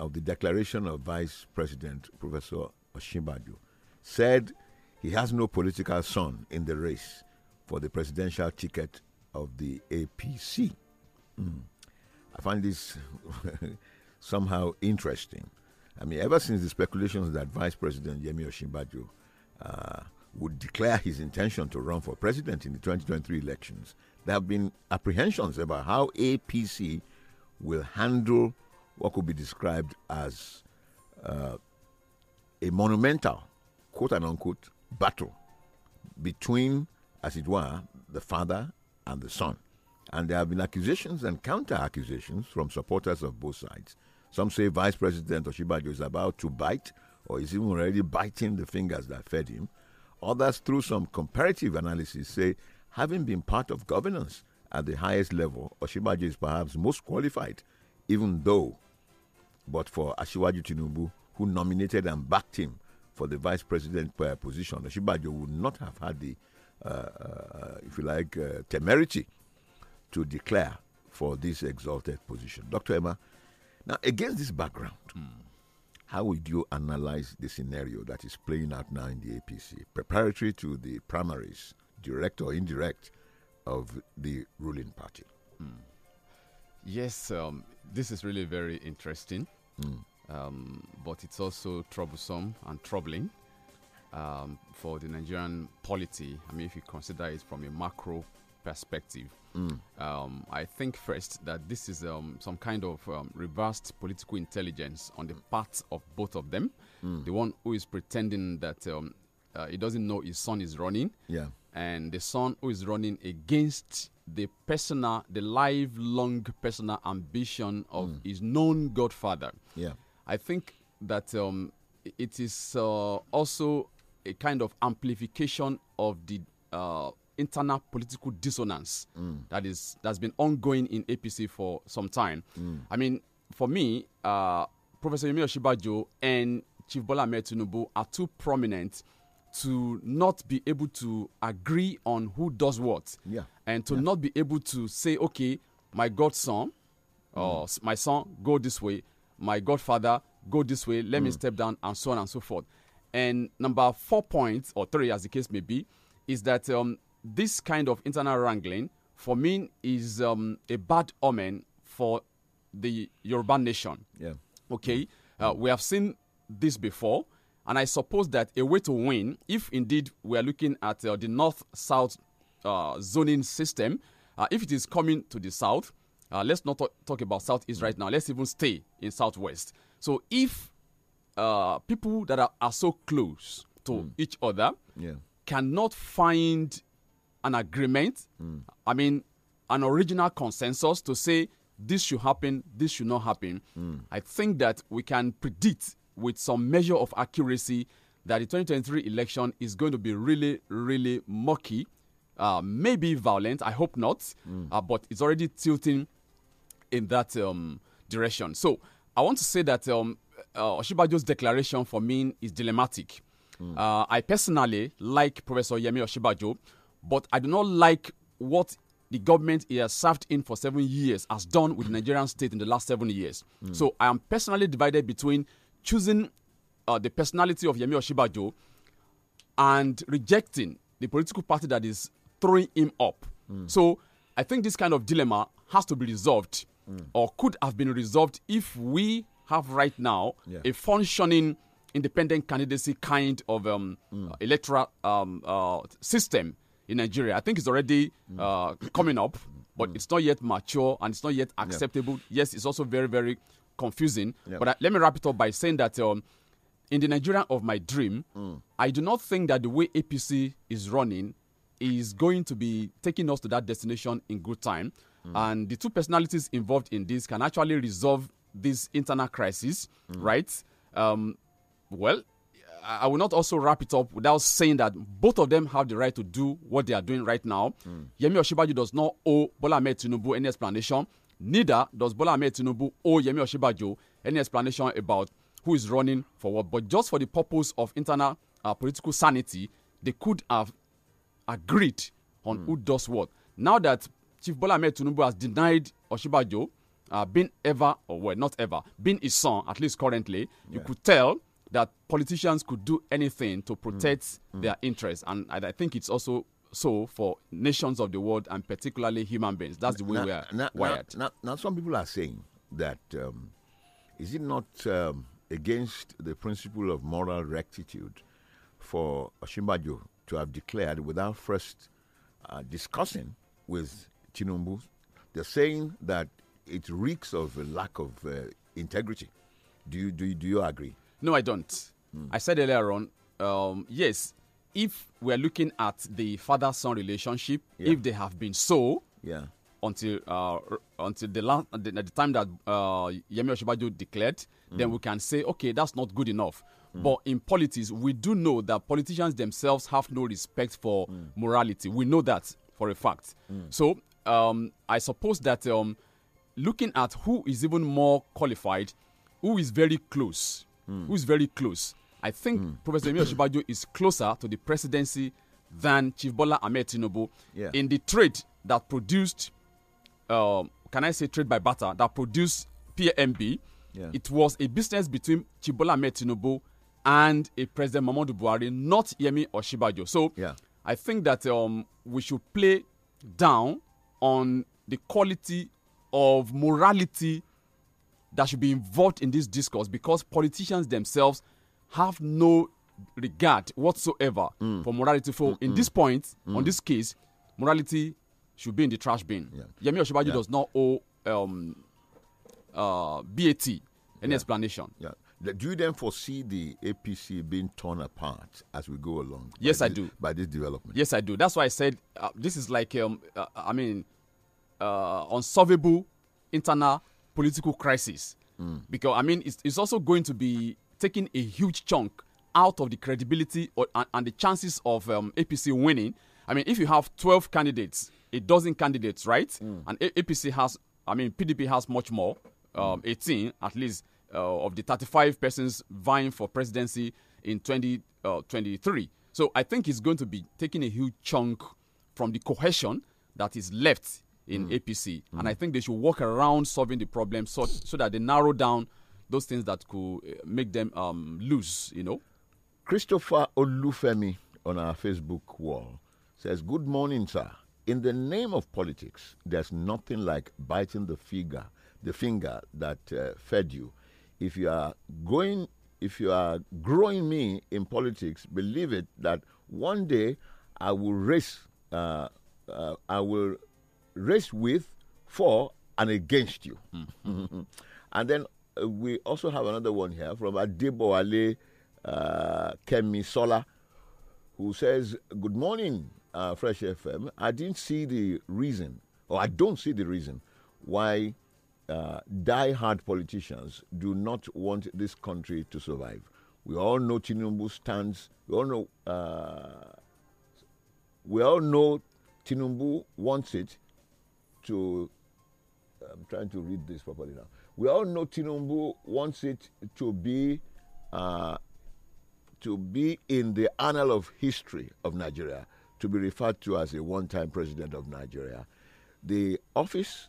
of the declaration of Vice President Professor Oshimbajo said he has no political son in the race for the presidential ticket of the APC. Mm. I find this somehow interesting. I mean, ever since the speculations that Vice President Yemi Oshimbajo uh, would declare his intention to run for president in the 2023 elections, there have been apprehensions about how APC will handle what could be described as uh, a monumental, quote and unquote, battle between, as it were, the father and the son. And there have been accusations and counter accusations from supporters of both sides. Some say Vice President Oshibajo is about to bite or is even already biting the fingers that fed him. Others, through some comparative analysis, say having been part of governance at the highest level, Oshibajo is perhaps most qualified, even though but for Ashiwaju Tinubu, who nominated and backed him for the vice president uh, position, Oshibajo would not have had the, uh, uh, if you like, uh, temerity to declare for this exalted position. Dr. Emma, now against this background, mm. how would you analyze the scenario that is playing out now in the APC, preparatory to the primaries, direct or indirect, of the ruling party? Mm. Yes, um, this is really very interesting. Mm. Um, but it's also troublesome and troubling um, for the Nigerian polity. I mean, if you consider it from a macro perspective, mm. um, I think first that this is um, some kind of um, reversed political intelligence on the part of both of them. Mm. The one who is pretending that um, uh, he doesn't know his son is running, yeah and the son who is running against the personal, the lifelong personal ambition of mm. his known godfather. Yeah, I think that um, it is uh, also a kind of amplification of the uh, internal political dissonance mm. that is that's been ongoing in APC for some time. Mm. I mean, for me, uh, Professor Yemi Oshibajo and Chief Bola Tinubu are too prominent to not be able to agree on who does what. Yeah. And to yeah. not be able to say, okay, my godson or mm. my son, go this way. My godfather, go this way. Let mm. me step down, and so on and so forth. And number four points, or three as the case may be, is that um, this kind of internal wrangling, for me, is um, a bad omen for the Yoruba nation. Yeah. Okay. Uh, we have seen this before. And I suppose that a way to win, if indeed we are looking at uh, the north south uh, zoning system, uh, if it is coming to the south, uh, let's not talk about southeast right now. Let's even stay in southwest. So if uh, people that are, are, so close to mm. each other yeah. cannot find an agreement, mm. I mean, an original consensus to say this should happen, this should not happen, mm. I think that we can predict with some measure of accuracy that the 2023 election is going to be really, really murky, uh, maybe violent. I hope not, mm. uh, but it's already tilting in that um, direction. So I want to say that um, uh, Oshibajo's declaration for me is dilemmatic. Mm. Uh, I personally like Professor Yemi Oshibajo, but I do not like what the government he has served in for seven years has done with the Nigerian state in the last seven years. Mm. So I am personally divided between choosing uh, the personality of Yemi Oshibajo and rejecting the political party that is throwing him up. Mm. So I think this kind of dilemma has to be resolved mm. or could have been resolved if we have right now yeah. a functioning independent candidacy kind of um, mm. electoral um, uh, system in Nigeria. I think it's already hmm. uh, coming up, but hmm. it's not yet mature and it's not yet acceptable. Yeah. Yes, it's also very, very confusing. Yeah. But I, uh, let me wrap it up by saying that um, in the Nigeria of my dream, mm. I do not think that the way APC is running is going to be taking us to that destination in good time. Mm. And the two personalities involved in this can actually resolve this internal crisis, mm. right? Um, well, I will not also wrap it up without saying that both of them have the right to do what they are doing right now. Mm. Yemi Oshibaju does not owe Bola Ahmed Tinubu any explanation. Neither does Bola Ahmed Tinubu owe Yemi Oshibajo any explanation about who is running for what. But just for the purpose of internal uh, political sanity, they could have agreed on mm. who hmm. does what. Now that Chief Bola Ahmed Tinubu has denied Oshibajo uh, being ever, or well, not ever, being his son, at least currently, yeah. you could tell that politicians could do anything to hmm. protect mm. their interests. And I, I think it's also so for nations of the world and particularly human beings. That's the way now, we are now, wired. Now, now, some people are saying that um, is it not um, against the principle of moral rectitude for Oshimbajo to have declared without first uh, discussing with Tinubu? They're saying that it reeks of a lack of uh, integrity. Do you, do you, do you agree? No, I don't. Hmm. I said earlier on, um, yes, if we're looking at the father son relationship, yeah. if they have been so, yeah. Until uh, until the last the, the time that uh, Yemi Oshibaju declared, mm. then we can say, okay, that's not good enough. Mm. But in politics, we do know that politicians themselves have no respect for mm. morality. We know that for a fact. Mm. So um, I suppose that um, looking at who is even more qualified, who is very close, mm. who is very close, I think mm. Professor Emi Oshibajo is closer to the presidency than Chief Bola Ahmed yeah. in the trade that produced, uh, can I say trade by butter that produced PMB. Yeah. It was a business between Chief Bola Ahmed and a President Mamadou Buhari, not Yemi Oshibajo. So yeah. I think that um, we should play down on the quality of morality that should be involved in this discourse because politicians themselves – have no regard whatsoever mm. for morality. For mm in this point, mm. on this case, morality should be in the trash bin. Yeah. Yemi Oshibaju yeah. does not owe um, uh, BAT any yeah. explanation. Yeah. Do you then foresee the APC being torn apart as we go along? Yes, I do. By this development. Yes, I do. That's why I said uh, this is like um, uh, I mean uh, unsolvable internal political crisis. Mm. Because I mean it's, it's also going to be taking a huge chunk out of the credibility or, and, and, the chances of um, APC winning. I mean, if you have 12 candidates, a dozen candidates, right? Mm. And a APC has, I mean, PDP has much more, um, mm. 18 at least, uh, of the 35 persons vying for presidency in 2023. 20, uh, so I think it's going to be taking a huge chunk from the cohesion that is left in mm. APC. And hmm. I think they should work around solving the problem so, so that they narrow down those things that could eh, make them um, lose, you know. Christopher Olufemi on our Facebook wall says, Good morning, sir. In the name of politics, there's nothing like biting the finger, the finger that uh, fed you. If you are going, if you are growing me in politics, believe it that one day I will race. Uh, uh, I will race with, for, and against you. Mm. and then we also have another one here from Adibo Ali uh, Kemi Sola, who says, Good morning, uh, Fresh FM. I didn't see the reason, or I don't see the reason, why uh, die hard politicians do not want this country to survive. We all know Tinubu stands, we all know, uh, we all know Tinubu wants it to trying to read this properly now. We all know Tinubu wants it to be uh, to be in the annal of history of Nigeria, to be referred to as a one-time president of Nigeria. The office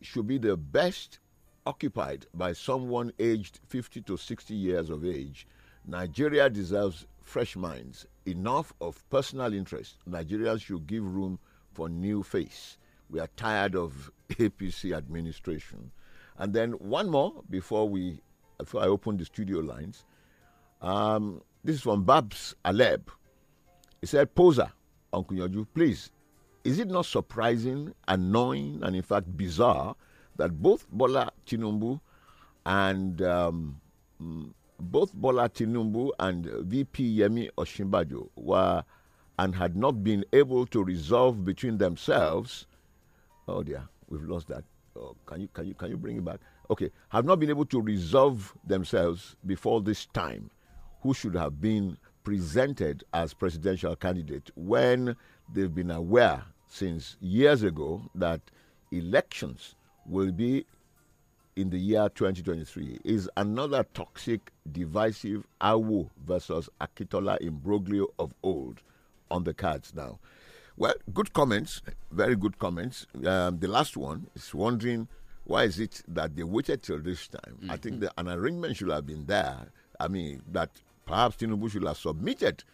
should be the best occupied by someone aged 50 to 60 years of age. Nigeria deserves fresh minds, enough of personal interest. Nigerians should give room for new face. We are tired of APC administration. And then one more before we before I open the studio lines. Um, this is from Babs Aleb. He said, Poser, Uncle Yonju, please, is it not surprising, annoying, and in fact bizarre that both Bola Tinubu and um, mm, both Bola Tinubu and VP Yemi Oshimbajo were and had not been able to resolve between themselves Oh dear, we've lost that. Oh, can you can you can you bring it back? Okay, have not been able to resolve themselves before this time, who should have been presented as presidential candidate when they've been aware since years ago that elections will be in the year 2023 is another toxic, divisive Awu versus Akitola imbroglio of old on the cards now. Well, good comments, very good comments. Um, the last one is wondering why is it that they waited till this time? Mm -hmm. I think mm-hmm. the, an arrangement should have been there. I mean, that perhaps Tinubu should have submitted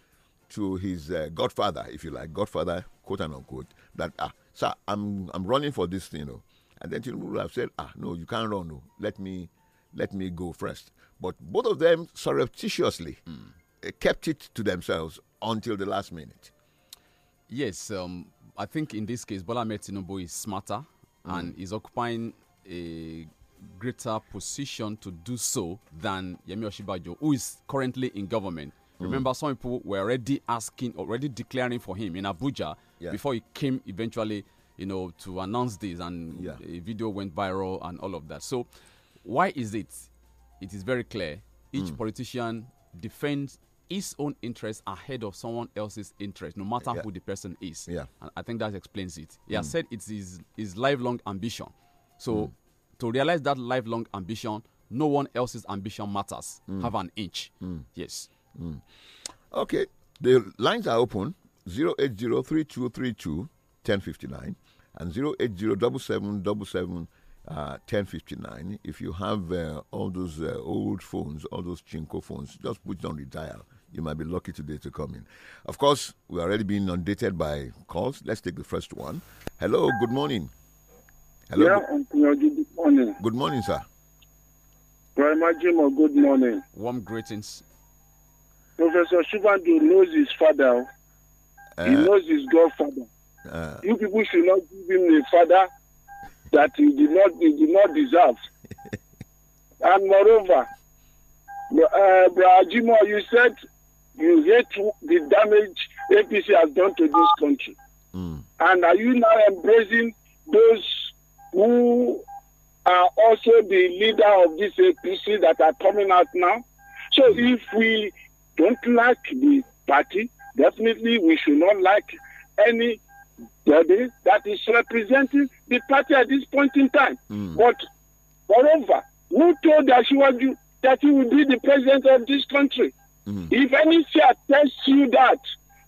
to his uh, godfather, if you like, godfather, quote and unquote, that, ah, sir, I'm, I'm running for this thing, you oh. know. And then Tinubu would have said, ah, no, you can't run, no. Oh. Let me, let me go first. But both of them surreptitiously mm. kept it to themselves until the last minute. Yes, um, I think in this case, Bola Tinubu is smarter mm. and is occupying a greater position to do so than Yemi Oshibajo, who is currently in government. Mm. Remember, some people were already asking, already declaring for him in Abuja yeah. before he came eventually, you know, to announce this, and yeah. a video went viral and all of that. So, why is it? It is very clear. Each mm. politician defends his own interests ahead of someone else's interest, no matter yeah. who the person is. Yeah. And I think that explains it. He mm. has said it's his, his lifelong ambition. So mm. to realize that lifelong ambition, no one else's ambition matters. Mm. Have an inch. Mm. Yes. Mm. Okay. The lines are open 080 1059 and 080 1059. Uh, if you have uh, all those uh, old phones, all those Chinko phones, just put on the dial you might be lucky today to come in. Of course, we're already being inundated by calls. Let's take the first one. Hello, good morning. Hello. Yeah, good morning. Good morning, sir. Grandma Jimo, good morning. Warm greetings. Professor Shubandu knows his father. Uh, he knows his godfather. Uh, you people should not give him a father that he did not he did not deserve. and moreover, uh, Brajimo, you said you hate the damage APC has done to this country. Mm. And are you now embracing those who are also the leader of this APC that are coming out now? So if we don't like the party, definitely we should not like any body that is representing the party at this point in time. Mm. But moreover, who told Ashiwaju that he would be the president of this country? Mm. If any fear tells you that,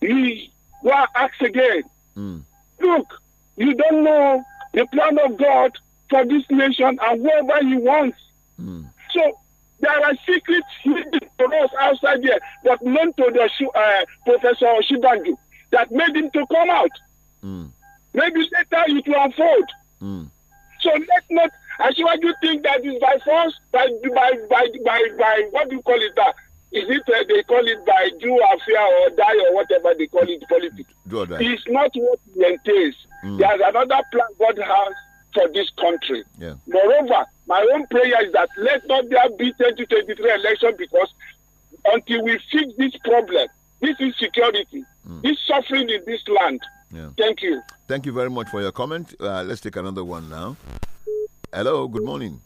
you will ask again. Mm. Look, you don't know the plan of God for this nation and whatever He wants. Mm. So there are secrets hidden for us outside there, but known to the uh, Professor Shibandu that made him to come out. Mm. Maybe later it will unfold. Mm. So let's not. As you think that is by force, by by by by, by what do you call it that? Uh, is it uh, they call it by do fear or die or whatever they call it politics? Do It's not what it entails. Mm. There's another plan God has for this country. Yeah. Moreover, my own prayer is that let not there be 2023 election because until we fix this problem, this insecurity, mm. this suffering in this land. Yeah. Thank you. Thank you very much for your comment. Uh, let's take another one now. Hello, good morning.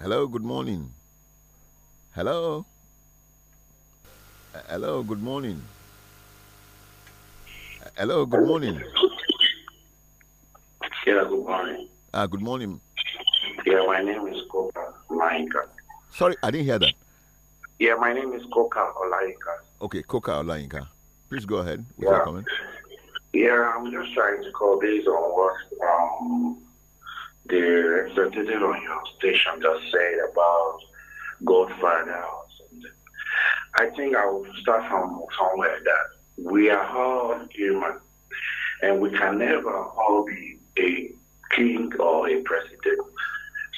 Hello, good morning. Hello. Uh, hello, good morning. Uh, hello, good morning. Yeah, good morning. Ah, good morning. Yeah, my name is Koka Olainka. Sorry, I didn't hear that. Yeah, my name is Koka Olainka. Okay, Koka Olainka. Please go ahead with yeah. your comment. Yeah, I'm just trying to call based on what um, the representative on your station just said about Godfather I think I will start from somewhere that we are all human and we can never all be a king or a president.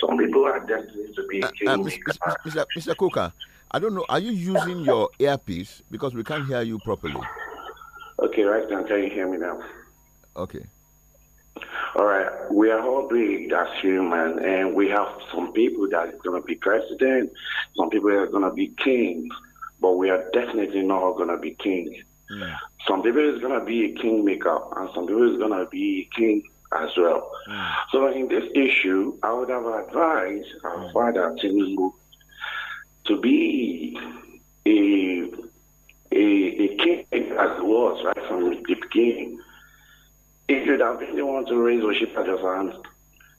Some people are destined to be uh, uh king. Uh, Mr. Mr. Mr. I don't know, are you using your earpiece? Because we can't hear you properly. Okay, right now, can you hear me now? Okay. All right, we are all big as human, and we have some people that is going to be president, some people that are going to be kings but we are definitely not going to be king. Yeah. Some people is going to be a kingmaker, and some people is going to be king as well. Yeah. So in this issue, I would have advised our yeah. Mm. father Tinubu to be a, a, a king as it was right from the beginning. If you have really want to raise worship at your hands,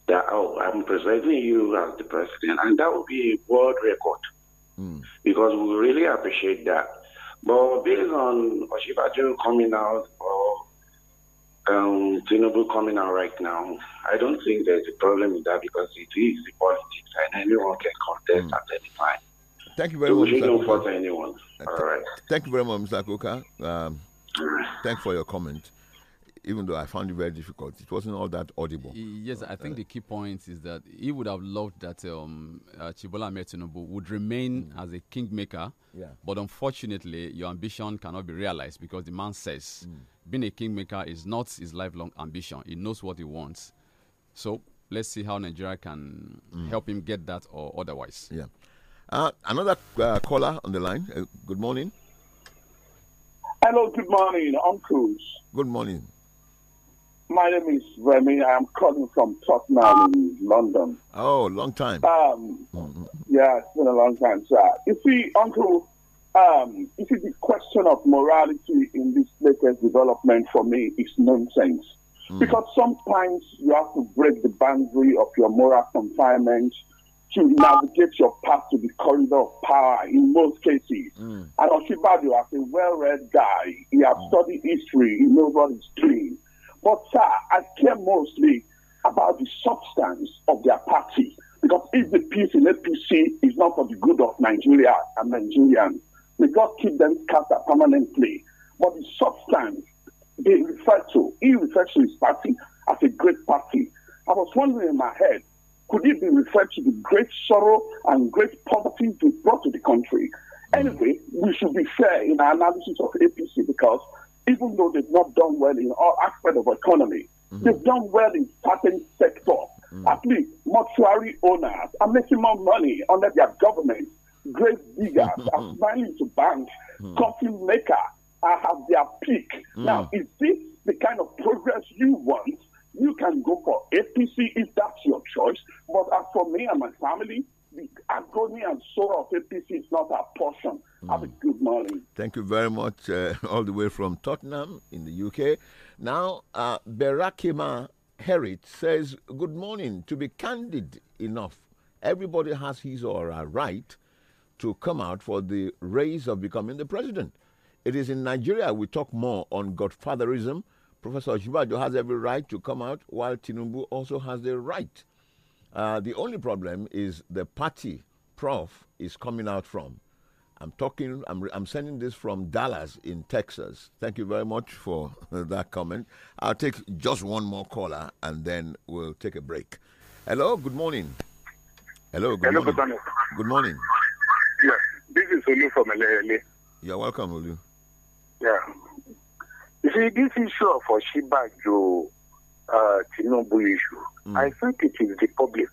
that oh, I'm presenting you as the president, and that would be a world record mm. because we really appreciate that. But based on Oshibajun coming out or um, Tinubu coming out right now, I don't think there's a problem with that because it is the politics and anyone can contest mm. at any time. Thank you very so much. We don't fault anyone. Uh, All right. Thank you very much, Mr. Koka. Um, Thanks for your comment even though I found it very difficult, it wasn't all that audible. Yes, uh, I think uh, the key point is that he would have loved that um, uh, Chibola Metinubu would remain mm. as a kingmaker. Yeah. But unfortunately, your ambition cannot be realized because the man says mm. being a kingmaker is not his lifelong ambition. He knows what he wants. So let's see how Nigeria can mm. help him get that or otherwise. Yeah. Uh, another uh, caller on the line. Uh, good morning. Hello, good morning, uncles. Good morning. My name is Remy. I'm calling from Tottenham in London. Oh, long time. Um, yeah, it's been a long time, sir. You see, Uncle, um, you see, the question of morality in this latest development for me is nonsense. Mm. Because sometimes you have to break the boundary of your moral confinement to navigate your path to the corridor of power in most cases. Mm. And Oshibadio, as a well read guy, he has mm. studied history, he knows what he's doing. But, sir, I care mostly about the substance of their party. Because if the peace in APC is not for the good of Nigeria and Nigerians, may God keep them scattered permanently. But the substance they refer to, he refers to his party as a great party. I was wondering in my head, could it be referred to the great sorrow and great poverty they brought to the country? Mm. Anyway, we should be fair in our analysis of APC because even though they've not done well in all aspects of economy, mm-hmm. they've done well in certain sectors. Mm-hmm. At least mortuary owners are making more money under their government. Grave diggers are smiling to banks. Mm-hmm. Coffee makers are at their peak. Mm-hmm. Now, is this the kind of progress you want? You can go for APC if that's your choice. But as for me and my family, the agony and sorrow of APC is not our portion. Have a good morning. Thank you very much, uh, all the way from Tottenham in the UK. Now, uh, Berakima Herit says, Good morning. To be candid enough, everybody has his or her right to come out for the race of becoming the president. It is in Nigeria we talk more on godfatherism. Professor Oshibajo has every right to come out, while Tinubu also has the right. Uh, the only problem is the party Prof is coming out from. I'm talking, I'm, I'm sending this from Dallas in Texas. Thank you very much for that comment. I'll take just one more caller and then we'll take a break. Hello, good morning. Hello, good Hello, morning. Good, good morning. Yes, this is Olu from LA. You're welcome, Olu. Yeah. You see, this issue of Oshibajo uh, Tinubu issue, mm. I think it is the public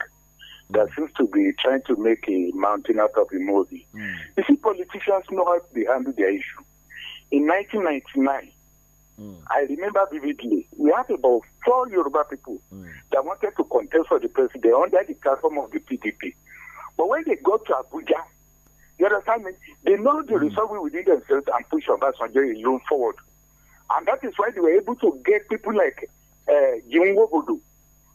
that seems to be trying to make a mountain out of a molehill. Mm. You see, politicians know how they handle their issue. In 1999, mm. I remember vividly, we had about four Yoruba people mm. that wanted to contest for the president under the platform of the PDP. But when they got to Abuja, you understand me? They know the mm. resolve within themselves and push Obasanjo alone forward. And that is why they were able to get people like uh, eh, Jim Wobodu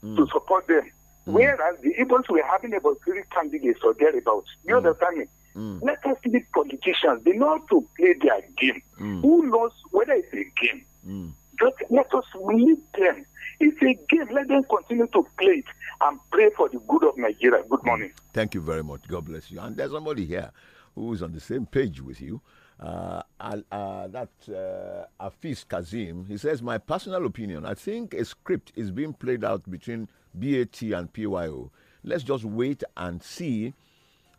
hmm. to support them. Mm. Whereas the Igbos were having about three candidates or thereabouts. You mm. understand me? Mm. Let us leave politicians. They know how to play their game. Mm. Who knows whether it's a game? Mm. Just let us leave them. It's a game. Let them continue to play it and pray for the good of Nigeria. Good mm. morning. Thank you very much. God bless you. And there's somebody here who is on the same page with you. Uh, uh, that uh, Afis Kazim, he says, My personal opinion, I think a script is being played out between BAT and PYO. Let's just wait and see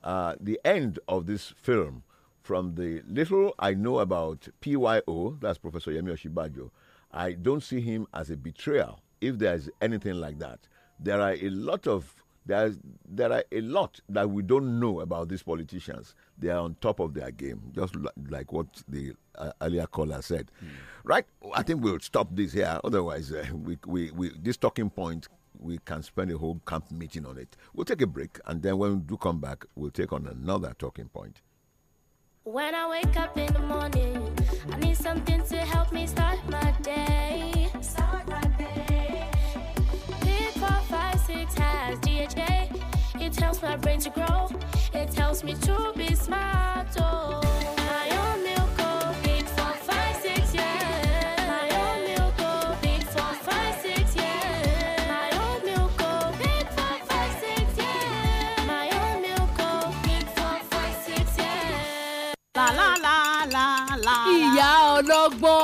uh, the end of this film. From the little I know about PYO, that's Professor Yemi Oshibajo, I don't see him as a betrayer. if there's anything like that. There are a lot of there are a lot that we don't know about these politicians. They are on top of their game, just like what the uh, earlier caller said. Mm. Right? I think we'll stop this here. Otherwise, uh, we, we, we, this talking point we can spend a whole camp meeting on it. We'll take a break, and then when we do come back, we'll take on another talking point. When I wake up in the morning, I need something to help me start my day. Start my day. Pick four, five, six has DHA. It helps my brain to grow. It tells me to be smart. Oh. Drogba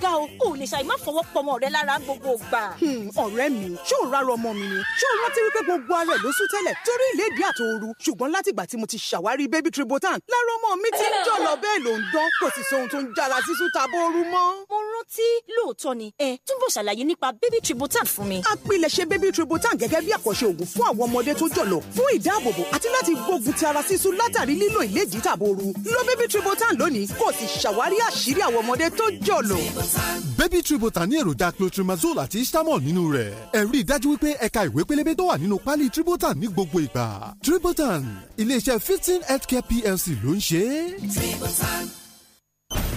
ga o ò lè ṣàì má fọwọ́ pọmọ rẹ lára gbogbo gbà. Hmm, ọ̀rẹ́ mi ṣó rárá ọmọ mi ni ṣó rántí wípé gbogbo ara ló sún tẹ́lẹ̀ torí ìlédìí àtòoru ṣùgbọ́n látìgbà tí mo ti ṣàwárí baby tributan lára ọmọ mi ti ń jọ̀lọ̀ bẹ́ẹ̀ ló ń dán kò sì sóhun tó ń jára sísun taboru mọ́. mo rántí lóòótọ́ ni ẹ túbọ̀ ṣàlàyé nípa baby tributan fún mi. apilẹ̀ṣẹ̀ baby tributan gẹ́gẹ́ bí àkọ́ṣe òògùn fún àwọn ọmọdé tó jọ̀lọ̀ fún ìdáàbòbò àti láti gbógun ti ara sísun látàrí lílo ìlédìí tàbóoru lo baby tributan lónìí kò sì ṣàwárí àṣírí àwọn ọmọdé tó jọ̀lọ̀ baby tributan ní èròjà clotrimazole àti istamol nínú rẹ̀ ẹ rí i dájú wípé ẹ̀ka ìwé pélébé tó wà nínú pálí tributan ní gbogbo ìgbà tributan iléeṣẹ́ fifteen healthcare plc ló ń ṣe é. tributan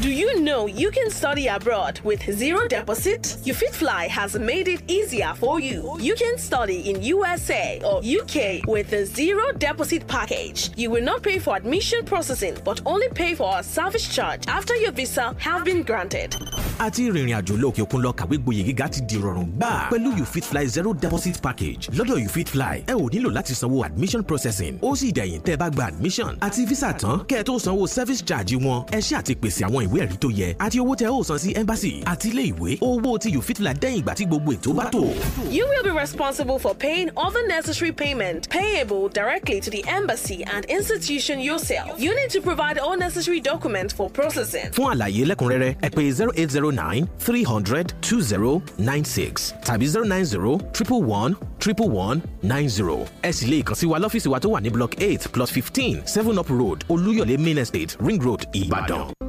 Do you know you can study abroad with zero deposit? UFitFly has made it easier for you. You can study in USA or UK with a zero deposit package. You will not pay for admission processing but only pay for a service charge after your visa have been granted. àti ìrìnrìn àjò lóòkè òkun lọ kàwé gboyè gíga ti di rọrùn gbà pẹ̀lú UFitFly zero deposit package lọ́dọ̀ UFitFly ẹ ò nílò láti sanwó admission processing ó sì dẹ̀yìn tẹ́ ẹ bá gba admission àti visa tán kẹ́ ẹ tó sanwó service charge wọn ẹ ṣe àti pèsè àwọn ìwé ẹ̀rí tó yẹ àti owó tẹ ó san sí embassy àti ilé ìwé owó tí you fit la dẹ́yìn ìgbà tí gbogbo ètò bá tó. You will be responsible for paying all the necessary payment payable directly to the embassy and institution yourself. You need to provide all necessary documents for processing. Fún àlàyé lẹ́kùnrẹ́rẹ́ ẹ pè zero eight zero nine three hundred two zero nine six tàbí zero nine zero triple one triple one nine zero. ẹ sì lè kàn sí wa lọ́fíìsì wa tó wà ní block eight plus fifteen seven up road olúyọ̀lé main estate ring road ìbàdàn.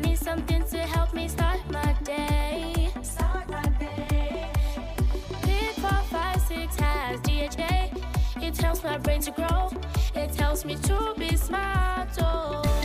something to help me start my day. Start my day. Pick four, five, six has DHA. It helps my brain to grow. It helps me to be smart. Oh.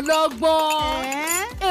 ọlọ́gbọ́n.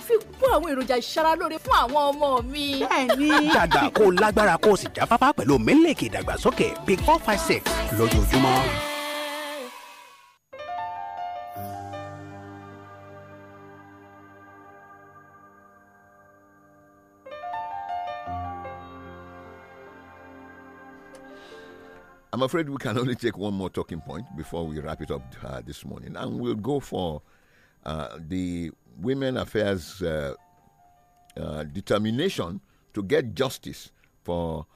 fi àwọn èròjà fún àwọn ọmọ mi. bẹ́ẹ̀ni. dàgbà kó lágbára kó sì jáfáfá pẹ̀lú mílíkì ìdàgbàsókè big four five six lójoojúmọ́. I'm afraid we can only take one more talking point before we wrap it up uh, this morning, and we'll go for uh, the Women Affairs uh, uh, determination to get justice for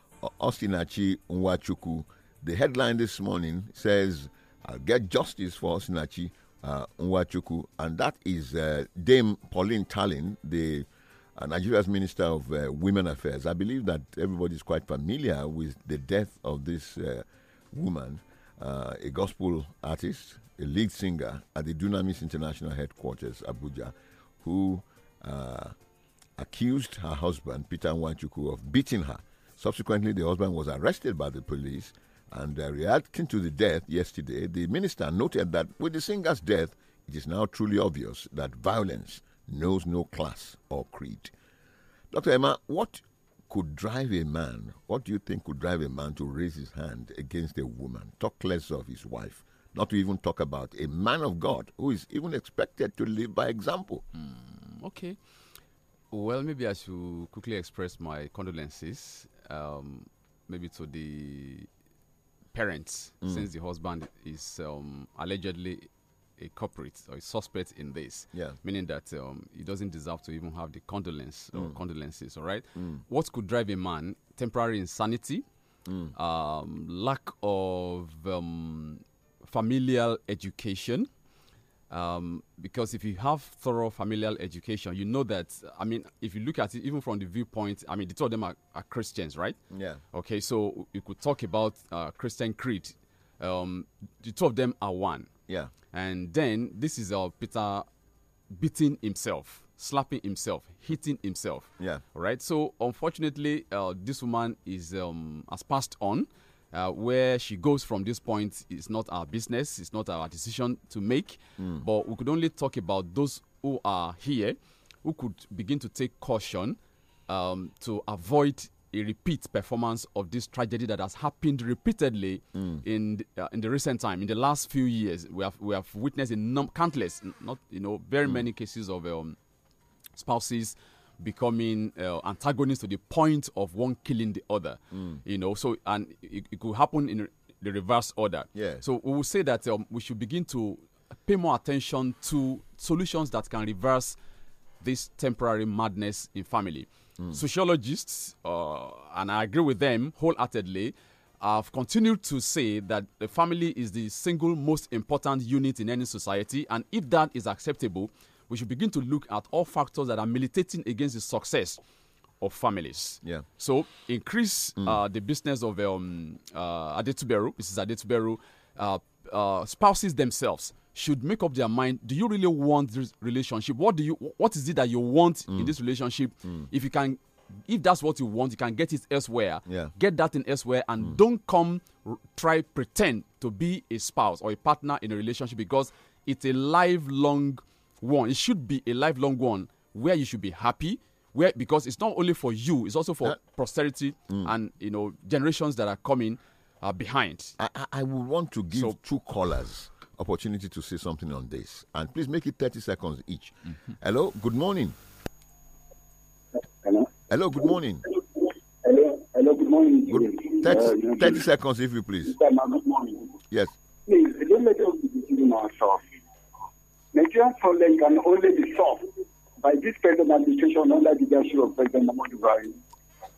Osinachi uh, Nwachuku. The headline this morning says, I'll get justice for Osinachi uh, And that is uh, Dame Pauline Tallinn, the uh, Nigeria's Minister of uh, Women Affairs. I believe that everybody is quite familiar with the death of this woman, a gospel artist a lead singer at the Dunamis International Headquarters, Abuja, who uh, accused her husband, Peter Wanchuku, of beating her. Subsequently, the husband was arrested by the police. And uh, reacting to the death yesterday, the minister noted that with the singer's death, it is now truly obvious that violence knows no class or creed. Dr. Emma, what could drive a man, what do you think could drive a man to raise his hand against a woman? Talk less of his wife not to even talk about a man of God who is even expected to live by example. Mm, okay. Well, maybe I should quickly express my condolences, um, maybe to the parents, mm. since the husband is um, allegedly a culprit or a suspect in this. Yeah. Meaning that um, he doesn't deserve to even have the condolence or hmm. condolences, all right? Mm. What could drive a man? Temporary insanity, mm. um, lack of um, familial education. Um, because if you have thorough familial education, you know that, I mean, if you look at it even from the viewpoint, I mean, the two of them are, are Christians, right? Yeah. Okay, so you could talk about uh, Christian creed. Um, the two of them are one. Yeah. And then this is uh, Peter beating himself, slapping himself, hitting himself. Yeah. Right? So unfortunately, uh, this woman is um, has passed on. Uh, where she goes from this point is not our business, it's not our decision to make. Mm. But we could only talk about those who are here who could begin to take caution um, to avoid a repeat performance of this tragedy that has happened repeatedly mm. in the, uh, in the recent time. In the last few years, we have we have witnessed in num- countless, not you know, very mm. many cases of um, spouses becoming uh, antagonists to the point of one killing the other. Mm. You know, so and it, it, could happen in the reverse order. Yeah. So we will say that um, we should begin to pay more attention to solutions that can reverse this temporary madness in family. Mm. Sociologists, uh, and I agree with them wholeheartedly, have continued to say that the family is the single most important unit in any society, and if that is acceptable, we should begin to look at all factors that are militating against the success of families. Yeah. So increase mm. uh, the business of um, uh, Adetuberu. This is Adetuberu. Uh, uh, spouses themselves should make up their mind. Do you really want this relationship? What do you? What is it that you want mm. in this relationship? Mm. If you can, if that's what you want, you can get it elsewhere. Yeah. Get that in elsewhere, and mm. don't come try pretend to be a spouse or a partner in a relationship because it's a lifelong one. It should be a lifelong one where you should be happy, where because it's not only for you, it's also for uh, posterity mm. and you know generations that are coming uh, behind. I, I would want to give so, two callers opportunity to say something on this, and please make it thirty seconds each. Mm -hmm. Hello, good morning. Hello. Hello, good morning. Hello, hello, good morning. Good, uh, 30, uh, you know, 30 seconds, if you please. Yes. Please, don't let us be deceiving ourselves. Nigerian problem can only be solved by this present administration under the leadership of President Muhammadu Buhari.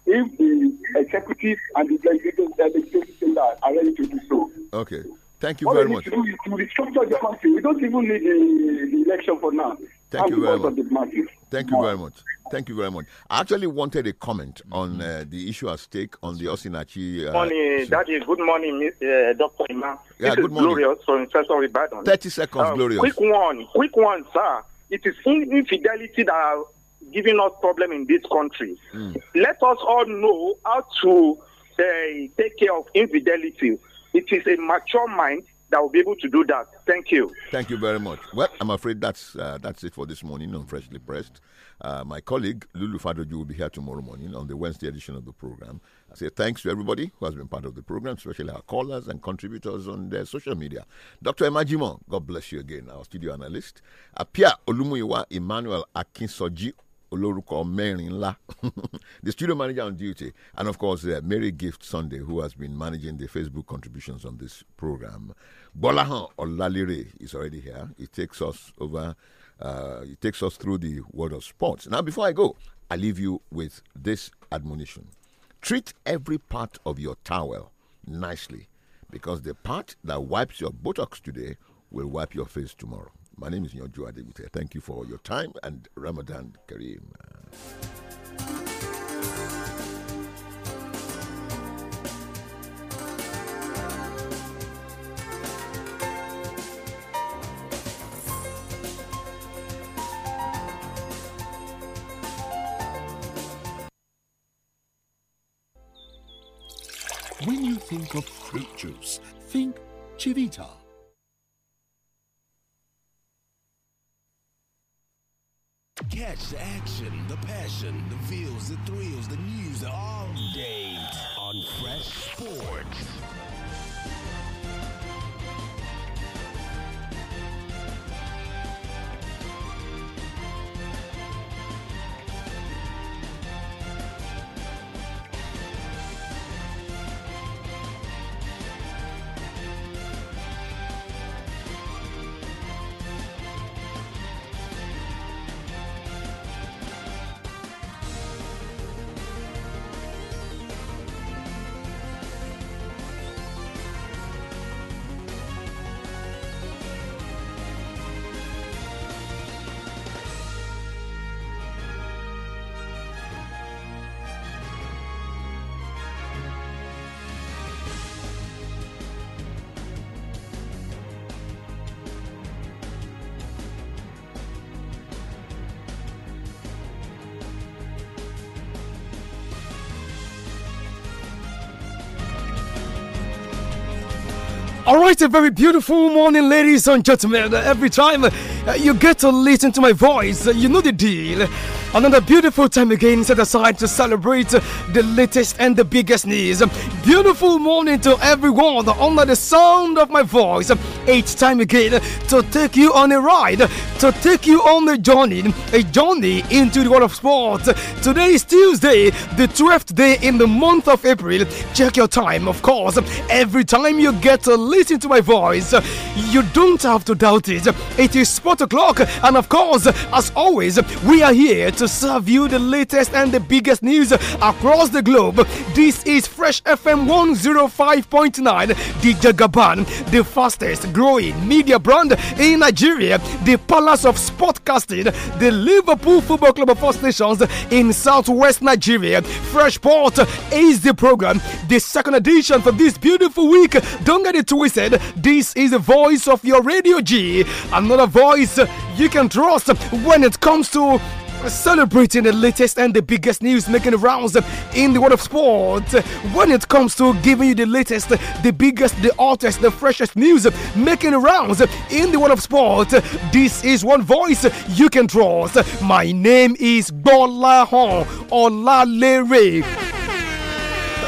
If the executive and the legislative chamber are ready to do so. Okay. Thank you All very much. All we need to do is to restructure the country. We don't even need the, the election for now. Thank you very much. Thank you very much. Thank you very much. I actually wanted a comment on uh, the issue at stake on the Osinachi. Uh, morning, uh, uh, that is Good morning, uh, Dr. Iman. Yeah, good morning. Glorious from Professor Ibadan. 30 seconds, uh, Glorious. Quick one, quick one, sir. It is infidelity that are giving us problem in this country. Mm. Let us all know how to uh, take care of infidelity. It is a mature mind that will be able to do that. Thank you. Thank you very much. Well, I'm afraid that's uh, that's it for this morning on Freshly Pressed. Uh, my colleague Lulu Fadoju will be here tomorrow morning on the Wednesday edition of the program. I say thanks to everybody who has been part of the program, especially our callers and contributors on their social media. Dr. Emajimo, God bless you again, our studio analyst. Apia Olumuyiwa Emmanuel Akinsoji Oloruko Merinla, the studio manager on duty, and of course uh, Mary Gift Sunday, who has been managing the Facebook contributions on this program. Bolahan Olalire is already here. He takes us over. Uh, he takes us through the world of sports. Now, before I go, I leave you with this admonition: treat every part of your towel nicely, because the part that wipes your buttocks today will wipe your face tomorrow. My name is Nyonjo Adegute. Thank you for your time and Ramadan Kareem. When you think of fruit juice, think Chivita Catch the action, the passion, the feels, the thrills, the news all day on Friday. All right, a very beautiful morning, ladies and gentlemen. Uh, every time uh, you get to listen to my voice, uh, you know the deal. Another beautiful time again set aside to celebrate the latest and the biggest news. Beautiful morning to everyone under the sound of my voice. Each time again to take you on a ride to take you on a journey, a journey into the world of sport. Today is Tuesday, the 12th day in the month of April. Check your time, of course. Every time you get to listen to my voice, you don't have to doubt it. It is sport o'clock, and of course, as always, we are here to serve you the latest and the biggest news across the globe. This is Fresh FM 105.9, the Jagaban, the fastest growing media brand in Nigeria, the Palace of sportcasting, the Liverpool Football Club of Four Nations in southwest Nigeria. Freshport is the program, the second edition for this beautiful week. Don't get it twisted. This is the voice of your Radio G, another voice you can trust when it comes to celebrating the latest and the biggest news making rounds in the world of sport. When it comes to giving you the latest, the biggest, the hottest, the freshest news making rounds in the world of sport, this is one voice you can trust. My name is Bola Hon Olalere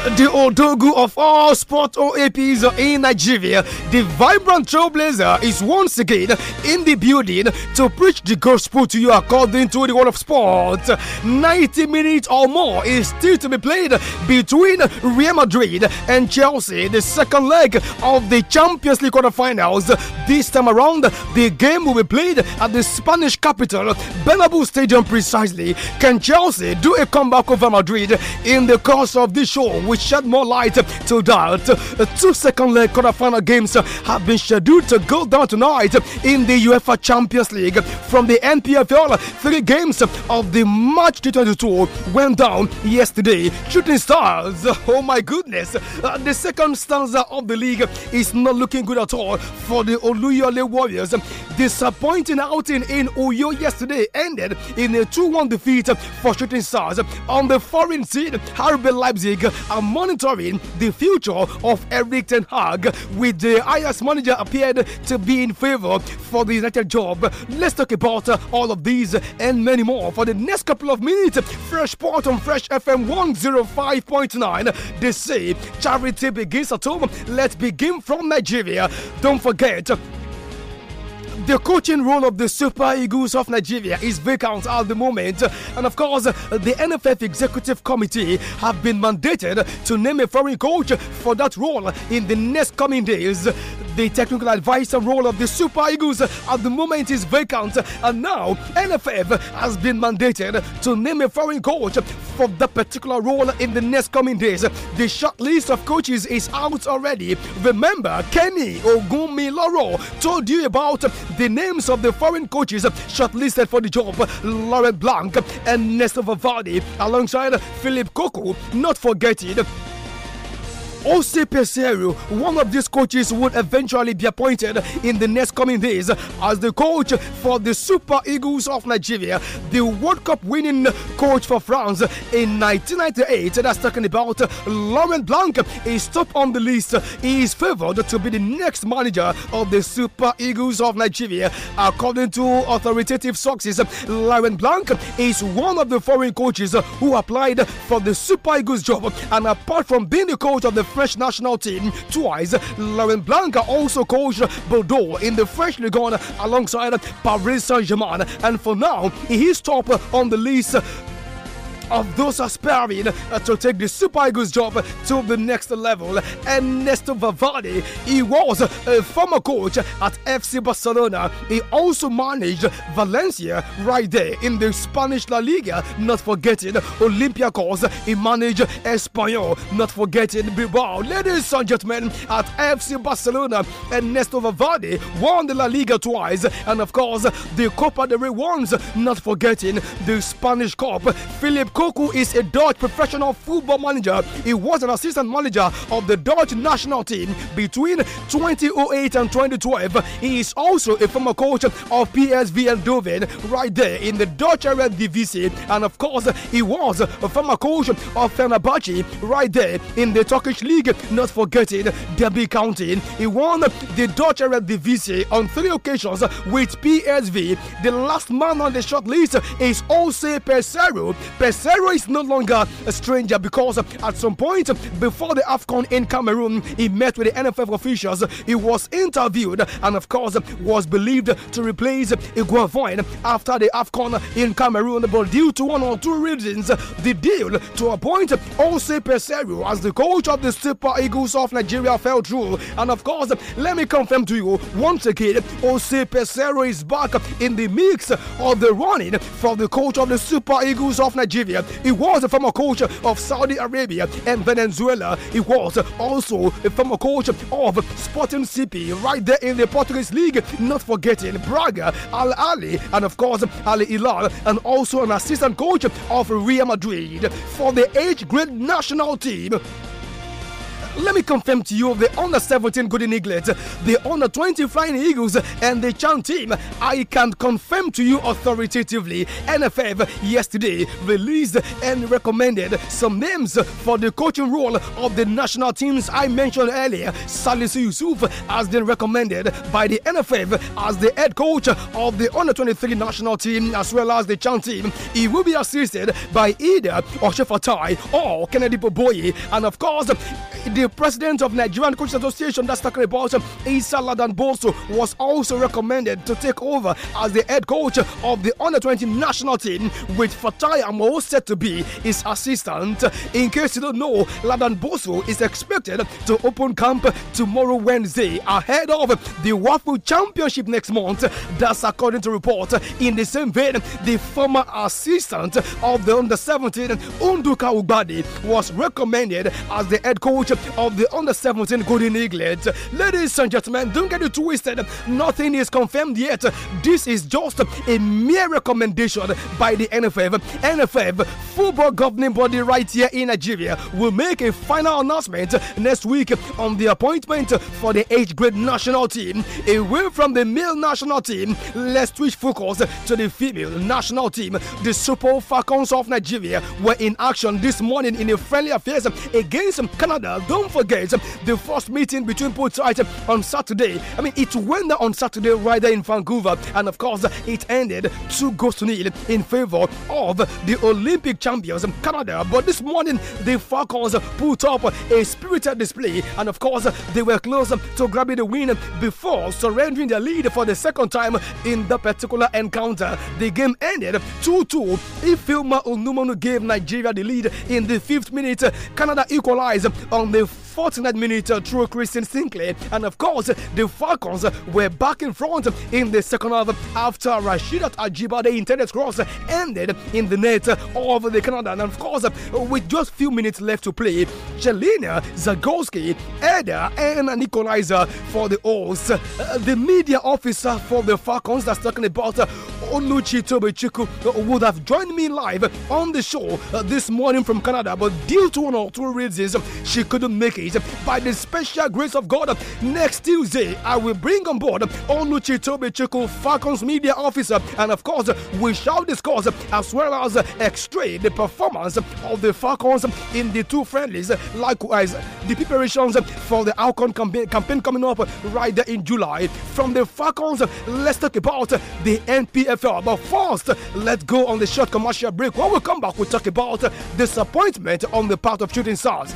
the Odogu of all sport OAPs in Nigeria, the vibrant trailblazer is once again in the building to preach the gospel to you according to the word of sport. 90 minutes or more is still to be played between Real Madrid and Chelsea, the second leg of the Champions League quarterfinals. This time around, the game will be played at the Spanish capital, Bernabeu Stadium precisely. Can Chelsea do a comeback over Madrid in the course of this show? will shed more light to that. Two second leg quarterfinal games have been scheduled to go down tonight in the UEFA Champions League. From the NPFL, three games of the March 2022 went down yesterday. Shooting Stars, oh my goodness, uh, the second stanza of the league is not looking good at all for the Oluyole Warriors. Disappointing outing in Oyo yesterday ended in a 2 1 defeat for Shooting Stars. On the foreign seed, Harbin Leipzig are monitoring the future of Eric Ten Hag, with the IS manager appeared to be in favor for the United job. Let's talk about all of these and many more for the next couple of minutes. Fresh Port on Fresh FM 105.9. They say charity begins at home. Let's begin from Nigeria. Don't forget, the coaching role of the Super Eagles of Nigeria is vacant at the moment. And of course, the NFF Executive Committee have been mandated to name a foreign coach for that role in the next coming days. The technical advisor role of the Super Eagles at the moment is vacant, and now NFF has been mandated to name a foreign coach for that particular role in the next coming days. The short list of coaches is out already. Remember, Kenny Ogumiloro told you about the names of the foreign coaches shortlisted for the job Laurent Blanc and Nestor Vavadi, alongside Philippe Coco, not forgetting Jose Pesero, one of these coaches, would eventually be appointed in the next coming days as the coach for the Super Eagles of Nigeria, the World Cup winning coach for France in 1998. That's talking about Laurent Blanc is top on the list. He is favored to be the next manager of the Super Eagles of Nigeria. According to authoritative sources, Laurent Blanc is one of the foreign coaches who applied for the Super Eagles job. And apart from being the coach of the French national team twice. Laurent Blanca also coached Bordeaux in the French Ligue 1 alongside Paris Saint Germain. And for now, he is top on the list of those aspiring uh, to take the Super Eagles job to the next level. Ernesto Vavani, he was a former coach at FC Barcelona. He also managed Valencia right there in the Spanish La Liga, not forgetting Olympiacos. He managed Espanyol, not forgetting Bilbao. Ladies and gentlemen, at FC Barcelona, Ernesto Vavani won the La Liga twice, and of course, the Copa del Rey once, not forgetting the Spanish Cup. Philip Koku is a Dutch professional football manager. He was an assistant manager of the Dutch national team between 2008 and 2012. He is also a former coach of PSV Eindhoven right there in the Dutch Eredivisie. And of course, he was a former coach of Fenerbahce right there in the Turkish league. Not forgetting Derby County. He won the Dutch Eredivisie on three occasions with PSV. The last man on the short list is Jose Pesero. Pesero Cairo is no longer a stranger because at some point before the AFCON in Cameroon, he met with the NFF officials. He was interviewed and, of course, was believed to replace Iguavoin after the AFCON in Cameroon. But due to one or two reasons, the deal to appoint Ose Peserio as the coach of the Super Eagles of Nigeria fell through. And, of course, let me confirm to you once again, Ose Peserio is back in the mix of the running for the coach of the Super Eagles of Nigeria. Arabia. It was a former coach of Saudi Arabia and Venezuela. It was also a former coach of Sporting CP right there in the Portuguese League. Not forgetting Braga, Al Ali, and of course Ali Ilal, and also an assistant coach of Real Madrid for the age grade national team. Let me confirm to you the under 17 Golden Eaglet, the under 20 Flying Eagles, and the Chan team. I can confirm to you authoritatively NFF yesterday released and recommended some names for the coaching role of the national teams I mentioned earlier. Salisu Yusuf has been recommended by the NFF as the head coach of the under 23 national team as well as the Chan team. He will be assisted by either Oshifatai or Kennedy Boboye, and of course, the president of Nigerian Coaches Association, that's talking about Isa Ladan Bolso, was also recommended to take over as the head coach of the under 20 national team, with Fatai Amo set to be his assistant. In case you don't know, Ladan Bolso is expected to open camp tomorrow, Wednesday, ahead of the Waffle Championship next month. That's according to report. In the same vein, the former assistant of the under 17, Unduka Ugbadi, was recommended as the head coach of the under 17 Golden Eaglet. Ladies and gentlemen, don't get it twisted. Nothing is confirmed yet. This is just a mere recommendation by the NFF. NFF, football governing body right here in Nigeria, will make a final announcement next week on the appointment for the 8th grade national team. Away from the male national team, let's switch focus to the female national team. The Super Falcons of Nigeria were in action this morning in a friendly affair against Canada don't forget the first meeting between both sides on Saturday. I mean, it went down on Saturday right there in Vancouver, and of course, it ended two goals to nil in favor of the Olympic champions Canada. But this morning, the Falcons put up a spirited display, and of course, they were close to grabbing the win before surrendering their lead for the second time in the particular encounter. The game ended 2 2. Ifilma Onumonu gave Nigeria the lead in the fifth minute. Canada equalized on the 49th minute uh, through Christian Sinclair. And of course, the Falcons were back in front in the second half after Rashidat Ajibade intended cross ended in the net of the Canada. And of course, with just few minutes left to play, Jelena Zagorski, Eda, and an equalizer for the O's. Uh, the media officer for the Falcons that's talking about uh, Onuchi Tobichiku uh, would have joined me live on the show this morning from Canada, but due to one or two reasons, she couldn't make it by the special grace of God. Next Tuesday, I will bring on board Oluchi Tobichiko, Falcons Media Officer, and of course, we shall discuss as well as extract the performance of the Falcons in the two friendlies. Likewise, the preparations for the Alcon campaign, campaign coming up right there in July. From the Falcons, let's talk about the NPFL. But first, let's go on the short commercial break. When we come back, we'll talk about disappointment on the part of shooting stars.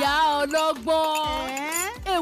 ìyá ọlọ́gbọ́n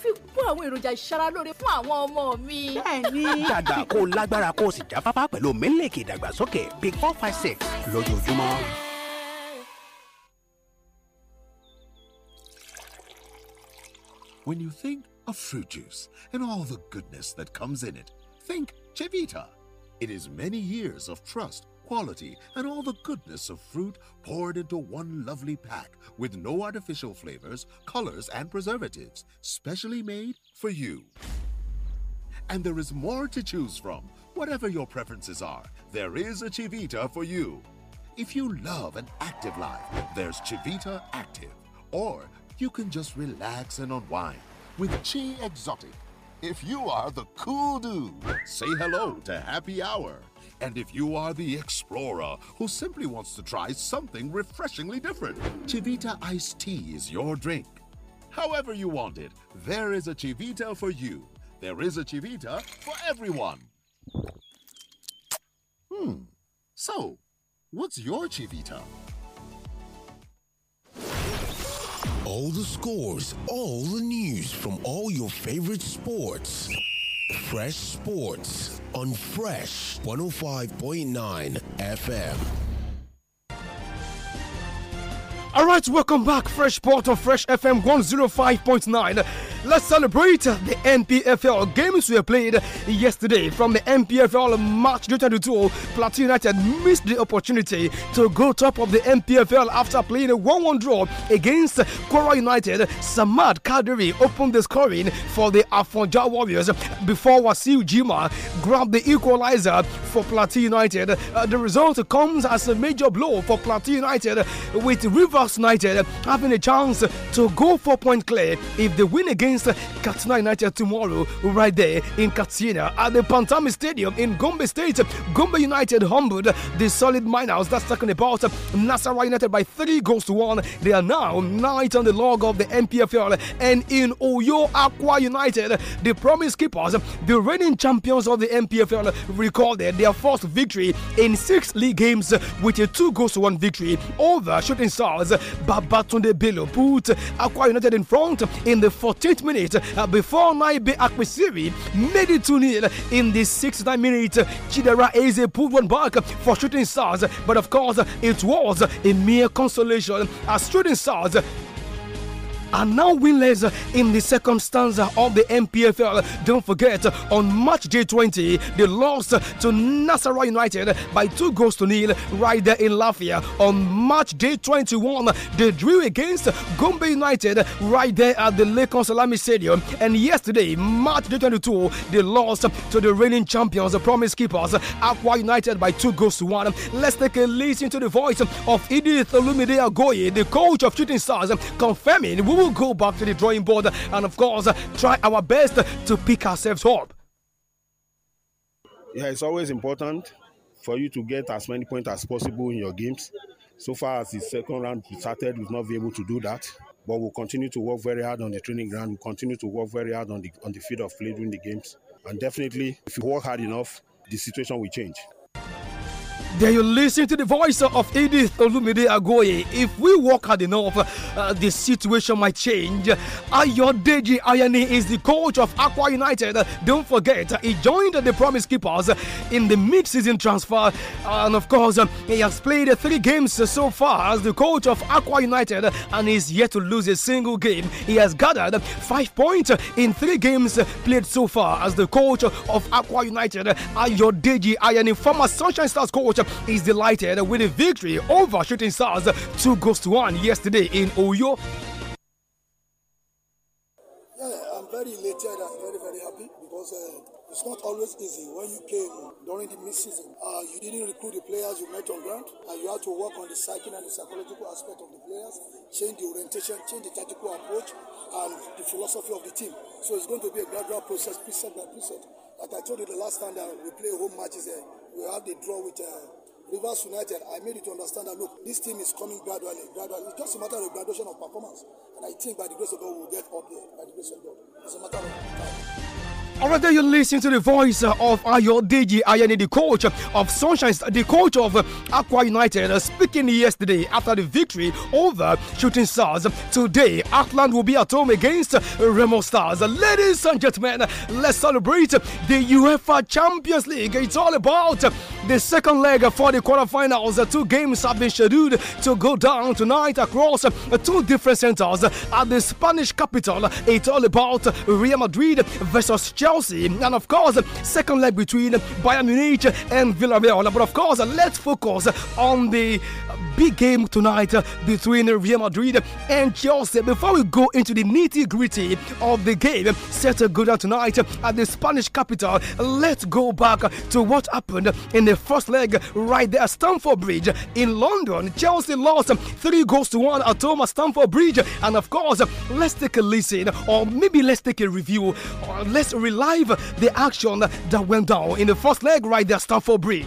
fi kún àwọn èròjà fún àwọn ọmọ mi. bẹ́ẹ̀ni. kó lágbára kó o sì jáfáfá pẹ̀lú mílíkì ìdàgbàsókè big four five six lójoojúmọ́. When you think of fruit juice and all the goodness that comes in it, think Chivita. It is many years of trust quality, and all the goodness of fruit poured into one lovely pack with no artificial flavors, colors, and preservatives, specially made for you. And there is more to choose from. Whatever your preferences are, there is a Chivita for you. If you love an active life, there's Chivita Active. Or you can just relax and unwind with Chi Exotic. If you are the cool dude, say hello to Happy Hour. And if you are the explorer who simply wants to try something refreshingly different, Chivita iced tea is your drink. However you want it, there is a Chivita for you. There is a Chivita for everyone. Hmm. So, what's your Chivita? All the scores, all the news from all your favorite sports. Fresh Sports on Fresh 105.9 FM. All right, welcome back, Fresh Port of Fresh FM 105.9. Let's celebrate the NPFL games we played yesterday from the NPFL match 2022. Plateau United missed the opportunity to go top of the NPFL after playing a 1 1 draw against Quora United. Samad Kadiri opened the scoring for the Afonja Warriors before Wasil Jima grabbed the equalizer for Plateau United. Uh, the result comes as a major blow for Plateau United, with Rivers United having a chance to go four point clear if they win against against Katsina United tomorrow, right there in Katsina at the Pantami Stadium in Gombe State. Gombe United humbled the solid miners. That's talking about Nasarawa United by three goals to one. They are now ninth on the log of the MPFL. And in Oyo Aqua United, the promise keepers, the reigning champions of the MPFL, recorded their first victory in six league games with a two goals to one victory over Shooting Stars. Babatunde Bello put Aqua United in front in the 14th minute uh, before Naibe Akwesiri made it 2 0 in the 69 minute. Chidera Eze pulled one back for shooting stars, but of course, it was a mere consolation as shooting stars are now winless in the second stanza of the MPFL. Don't forget, on March day 20, they lost to Nasarawa United by two goals to nil right there in Lafia. On March day 21, they drew against Gombe United right there at the Lake Salami Stadium. And yesterday, March day 22, they lost to the reigning champions, the Promise Keepers, Aqua United by two goals to one. Let's take a listen to the voice of Edith Olumide Agoye, the coach of Shooting Stars, confirming we will go back to the drawing board and, of course, try our best to pick ourselves up. Yeah, it's always important for you to get as many points as possible in your games. So far as the second round started, we've not been able to do that. But we'll continue to work very hard on the training ground. We'll continue to work very hard on the on the field of play during the games. And definitely, if you work hard enough, the situation will change. There you listen to the voice of Edith Olumide Agoye. If we work hard enough, uh, the situation might change. Ayodeji Ayani is the coach of Aqua United. Don't forget, he joined the Promise Keepers in the mid-season transfer. And of course, he has played three games so far as the coach of Aqua United and is yet to lose a single game. He has gathered five points in three games played so far as the coach of Aqua United. Ayodeji Ayani, former Sunshine Stars coach is delighted with a victory over Shooting Stars 2 goals to 1 yesterday in Oyo. Yeah, I'm very elated and very, very happy because uh, it's not always easy. When you came during the mid-season, uh, you didn't recruit the players you met on ground, and you had to work on the psyche and the psychological aspect of the players, change the orientation, change the tactical approach, and the philosophy of the team. So it's going to be a gradual process, precept by precept. Like I told you the last time that we play home matches, uh, we have the draw with uh, Rivers United, I made it to understand that look, this team is coming gradually, gradually. It's just a matter of graduation of performance. And I think by the grace of God, we'll get up there, by the grace of God. It's a matter of time. All right, there you listen to the voice of Ayodeji Ayane, the coach of Sunshine, the coach of Aqua United, uh, speaking yesterday after the victory over Shooting Stars. Today, Auckland will be at home against Remo Stars. Ladies and gentlemen, let's celebrate the UEFA Champions League. It's all about the second leg for the quarterfinals. The two games have been scheduled to go down tonight across two different centers at the Spanish capital. It's all about Real Madrid versus Chelsea. Chelsea, and of course, second leg between Bayern Munich and Villarreal. But of course, let's focus on the big game tonight uh, between Real Madrid and Chelsea. Before we go into the nitty gritty of the game set to go down tonight at the Spanish capital, let's go back to what happened in the first leg right there at Stamford Bridge in London. Chelsea lost three goals to one at home at Stamford Bridge. And of course, let's take a listen, or maybe let's take a review, or let's relive the action that went down in the first leg right there at Stamford Bridge.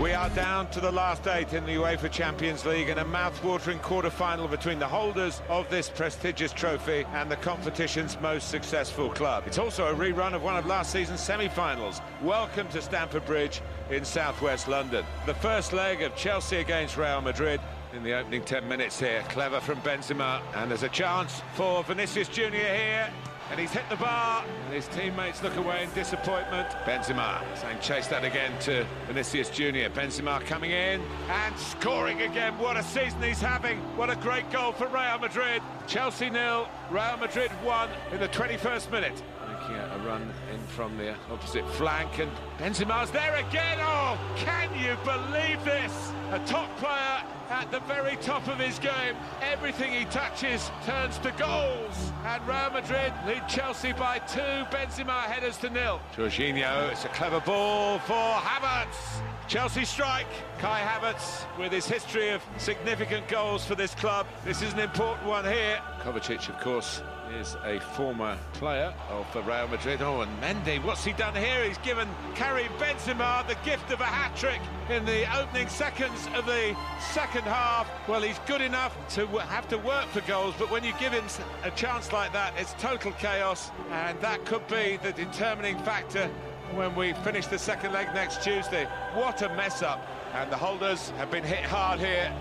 We are down to the last eight in the UEFA Champions League and a mouth-watering quarter-final between the holders of this prestigious trophy and the competition's most successful club. It's also a rerun of one of last season's semi-finals. Welcome to Stamford Bridge in southwest London. The first leg of Chelsea against Real Madrid in the opening 10 minutes here. Clever from Benzema, and there's a chance for Vinicius Junior here and he's hit the bar. And his teammates look away in disappointment. Benzema, saying chase that again to Vinicius Junior. Benzema coming in and scoring again. What a season he's having. What a great goal for Real Madrid. Chelsea nil, Real Madrid one in the 21st minute. Making a run in from the opposite flank, and Benzema's there again. Oh, can you believe this? A top player at the very top of his game. Everything he touches turns to goals. And Real Madrid lead Chelsea by two. Benzema headers to nil. Jorginho, it's a clever ball for Havertz. Chelsea strike. Kai Havertz with his history of significant goals for this club. This is an important one here. Kovacic, of course, is a former player of Real Madrid. Oh, and Mendy, what's he done here? He's given Karim Benzema the gift of a hat-trick in the opening seconds of the second half. Well, he's good enough to have to work for goals, but when you give him a chance like that, it's total chaos, and that could be the determining factor when we finish the second leg next Tuesday. What a mess-up, and the holders have been hit hard here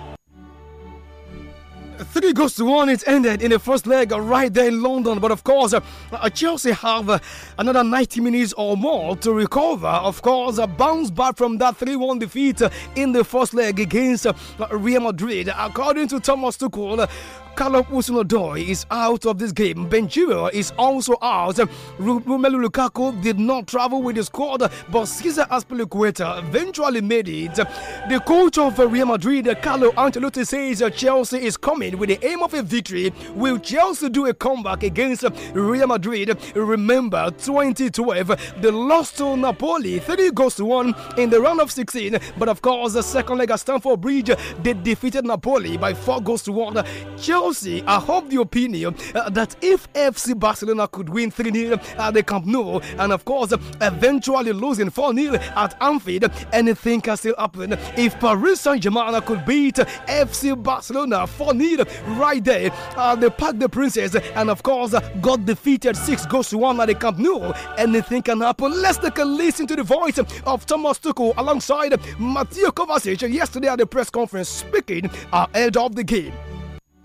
Three goals to one, it ended in the first leg right there in London. But of course, uh, Chelsea have uh, another 90 minutes or more to recover. Of course, uh, bounce back from that 3 1 defeat uh, in the first leg against uh, Real Madrid. According to Thomas Tuchel, uh, Callum Usunodoy is out of this game. Benjiro is also out. Romelu Lukaku did not travel with the squad, but Cesar Azpilicueta eventually made it. The coach of Real Madrid, Carlo Ancelotti, says Chelsea is coming with the aim of a victory. Will Chelsea do a comeback against Real Madrid? Remember 2012, they lost to Napoli 30 goals to 1 in the round of 16, but of course, the second leg at Stamford Bridge, they defeated Napoli by 4 goals to 1. Chelsea Chelsea hold the opinion uh, that if FC Barcelona could win 3 0 at the Camp Nou and, of course, eventually losing 4 0 at Anfield, anything can still happen. If Paris Saint Germain could beat FC Barcelona 4 0 right there, at the Park the Princes, and, of course, got defeated 6 goals to 1 at the Camp Nou. Anything can happen. Let's take a listen to the voice of Thomas Tuchel alongside Mateo Kovacic yesterday at the press conference speaking uh, ahead of the game.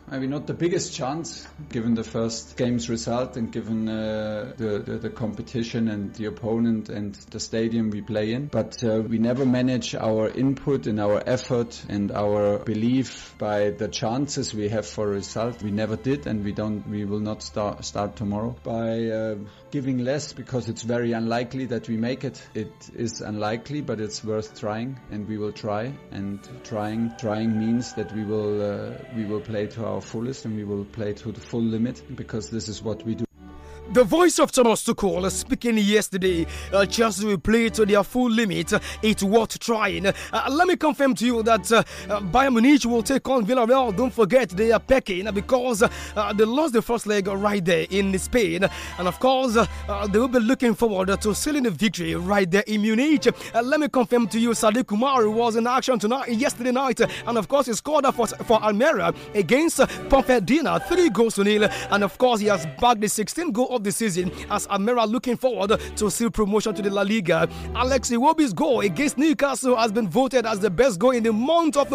Maybe not the biggest chance, given the first game's result and given uh, the, the, the competition and the opponent and the stadium we play in. But uh, we never manage our input and our effort and our belief by the chances we have for a result. We never did, and we don't. We will not start start tomorrow by uh, giving less because it's very unlikely that we make it. It is unlikely, but it's worth trying, and we will try. And trying, trying means that we will uh, we will play to our fullest and we will play to the full limit because this is what we do. The voice of Thomas Tuchel speaking yesterday, uh, Chelsea will play to their full limit. It's worth trying. Uh, let me confirm to you that uh, uh Bayern Munich will take on Villarreal. Don't forget they are packing because uh, they lost the first leg right there in Spain, and of course uh, uh, they will be looking forward to sealing the victory right there in Munich. let me confirm to you, Sadiq Kumar was in action tonight yesterday night, and of course he scored for for Almeria against Ponferradina, three goals to nil, and of course he has bagged the 16 goal of the season as Almera looking forward to seal promotion to the La Liga. Alex Iwobi's goal against Newcastle has been voted as the best goal in the month of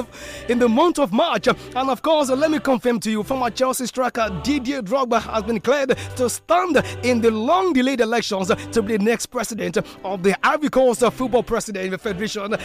in the month of March. And of course, let me confirm to you, former Chelsea striker Didier Drogba has been cleared to stand in the long delayed elections to be the next president of the Ivory Coast Football President Federation.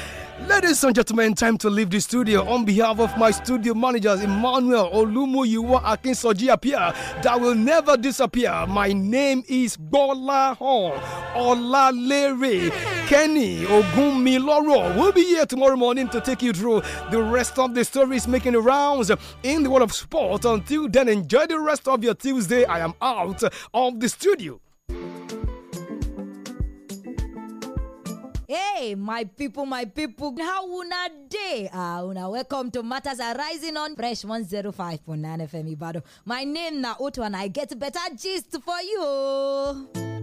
Ladies and gentlemen, time to leave the studio on behalf of my studio managers Emmanuel Olumuyiwa, Akinsoji Apia that will never disappear. My name is Gbolahan Olalere. Kenny we will be here tomorrow morning to take you through the rest of the stories making the rounds in the world of sport. Until then, enjoy the rest of your Tuesday. I am out of the studio. Hey, my people, my people, how una day? Ah, una welcome to Matters Arising on Fresh 105.9 FM Ibado. My name na Otu and I get better gist for you.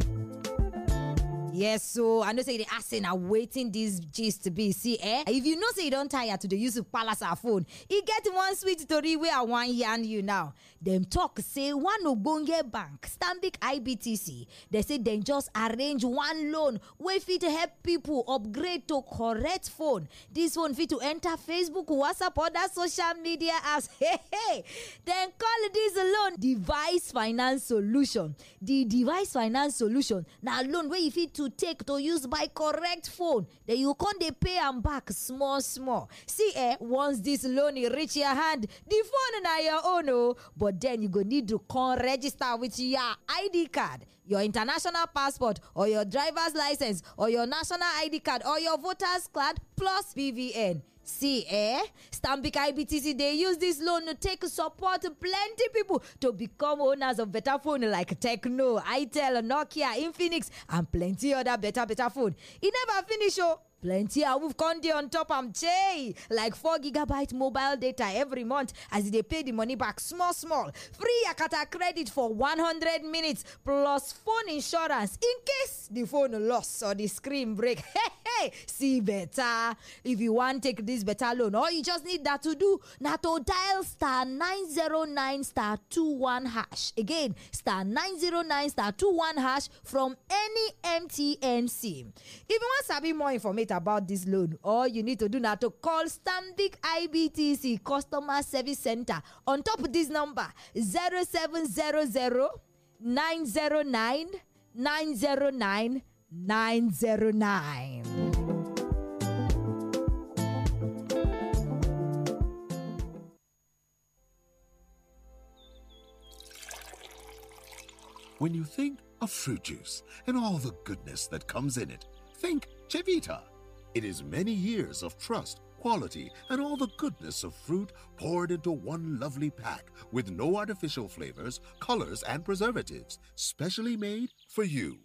Yes, so I know say the assing are waiting this gist to be. See, eh? If you know say you don't tire to the use of palace our phone, you get one sweet story where I want yarn you now. Them talk say one Ogbonge bank, Stanbic IBTC. They say then just arrange one loan wey fit help people upgrade to correct phone. This one fit to enter Facebook, WhatsApp, other social media apps. Hey, hey. Then call this loan device finance solution. The device finance solution. Now loan where you fit to to take to use by correct phone then you can't they pay and back small small see eh once this loan reach your hand the phone na your own oh. but then you go need to con register with your id card your international passport or your drivers licence or your national id card or your voters card plus bvn See, eh? Stambik IBTC, they use this loan to take support plenty people to become owners of better phone like Techno, Itel, Nokia, Infinix, and plenty other better, better phone. It never finish, oh plenty of con dey on top i am jay like 4 gigabyte mobile data every month as they pay the money back small small free akata credit for 100 minutes plus phone insurance in case the phone lost or the screen break hey hey see better if you want take this better loan all you just need that to do na to dial star 909 star 21 hash again star 909 star 21 hash from any mtn sim if you a bit more information about this loan, all you need to do now to call Stanbic IBTC Customer Service Center on top of this number 0700 909 909 909. When you think of fruit juice and all the goodness that comes in it, think Chivita it is many years of trust, quality, and all the goodness of fruit poured into one lovely pack with no artificial flavors, colors, and preservatives, specially made for you.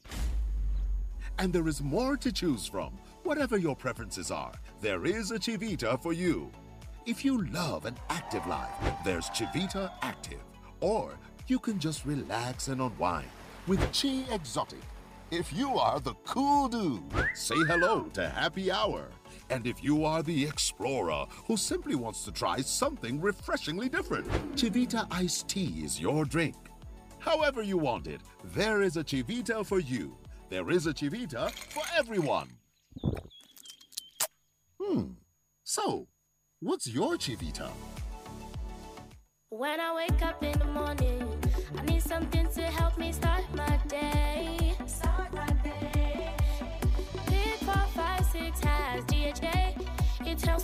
And there is more to choose from. Whatever your preferences are, there is a Chivita for you. If you love an active life, there's Chivita Active. Or you can just relax and unwind with Chi Exotic if you are the cool dude, say hello to Happy Hour. And if you are the explorer who simply wants to try something refreshingly different, Chivita iced tea is your drink. However you want it, there is a Chivita for you. There is a Chivita for everyone. Hmm. So, what's your Chivita? When I wake up in the morning, I need something to help me start my day.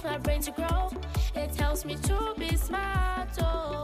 my brain to grow. It helps me to be smart. Oh.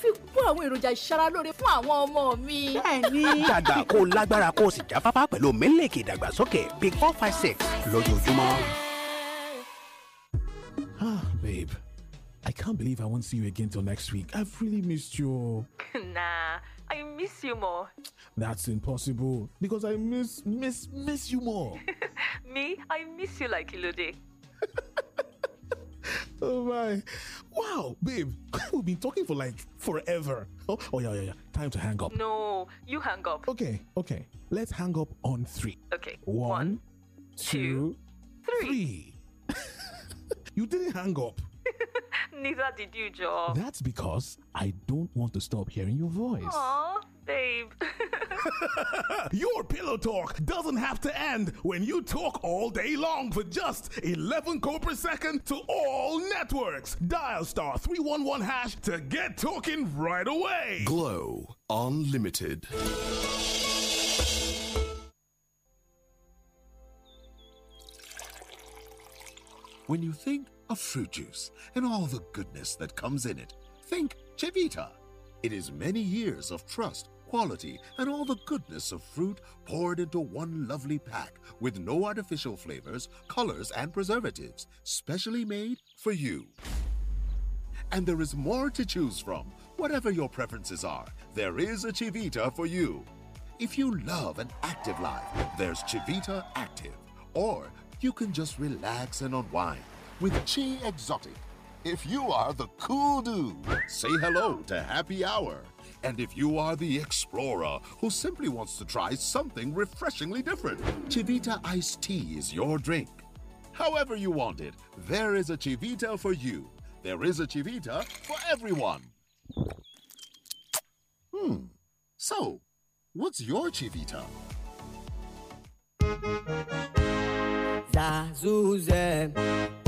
fi kún àwọn èròjà ìṣaralóore fún àwọn ọmọ mi. bẹ́ẹ̀ni. dàgbà kó lágbára kó o sì jáfáfá pẹ̀lú mílíkì ìdàgbàsókè big four five six lójoojúmọ́. ah babe i can't believe i won't see you again till next week i've really missed you. nah i miss you more. that's impossible because i miss miss miss you more. me i miss you like ilode. oh my. Wow, babe. We've been talking for like forever. Oh, oh yeah, yeah, yeah. Time to hang up. No, you hang up. Okay, okay. Let's hang up on three. Okay. One, two, three. you didn't hang up. Neither did you, Joe. That's because I don't want to stop hearing your voice. Aw, babe. your pillow talk doesn't have to end when you talk all day long for just 11 co per second to all networks. Dial star 311 hash to get talking right away. Glow Unlimited. When you think of fruit juice and all the goodness that comes in it. Think Chivita. It is many years of trust, quality, and all the goodness of fruit poured into one lovely pack with no artificial flavors, colors, and preservatives, specially made for you. And there is more to choose from. Whatever your preferences are, there is a Chivita for you. If you love an active life, there's Chivita Active. Or you can just relax and unwind with Chi Exotic. If you are the cool dude, say hello to Happy Hour. And if you are the explorer who simply wants to try something refreshingly different, Chivita iced tea is your drink. However you want it, there is a Chivita for you. There is a Chivita for everyone. Hmm. So, what's your Chivita? Zazuzem.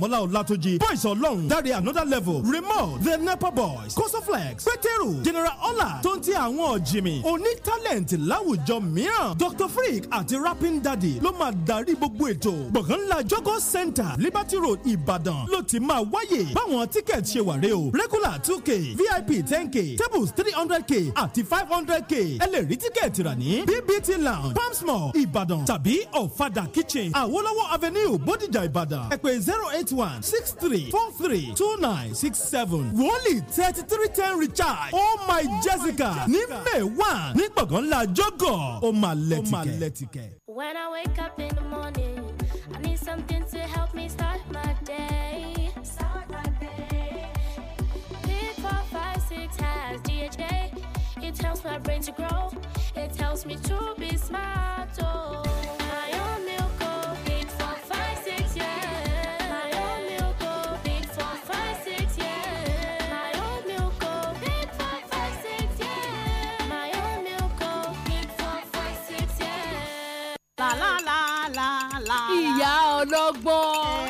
Dàmọ́lá Ọlátúnjí Boys Ọlọ́run Dáre Another Level Remote The Nepa Boys Kosoflex Pétérù General Ola. tó ń ti àwọn ọ̀jìmì oní tálẹ̀ǹtì láwùjọ mìíràn Dr Freak àti Rapping Daddy ló máa darí gbogbo ètò gbọ̀ngàn ńlá Jogo Center Liberty Road Ìbàdàn ló ti máa wáyè báwọn tíkẹ̀tì ṣe wà rè o regular two k VIP ten k tables three hundred k àti five hundred k ẹ lè rí rà ní BBT Lounge Palms Mall Ìbàdàn tàbí Ọ̀fadà Kitchen Àwọlọ́wọ́ Avenue Bódìjà Ìbàdàn ẹ pè zero eight eight one six three four three two nine six seven wọ́ọ̀lì thirty three ten recharge oh my oh jessica ní may one ní gbọ̀ngàn ńlá jọ́gọ̀ ó máa lẹ́tìkẹ́. when i wake up in the morning i need something to help me start my day. It helps my brain to grow. It helps me to be smart. Oh. lọ́gbọ́n.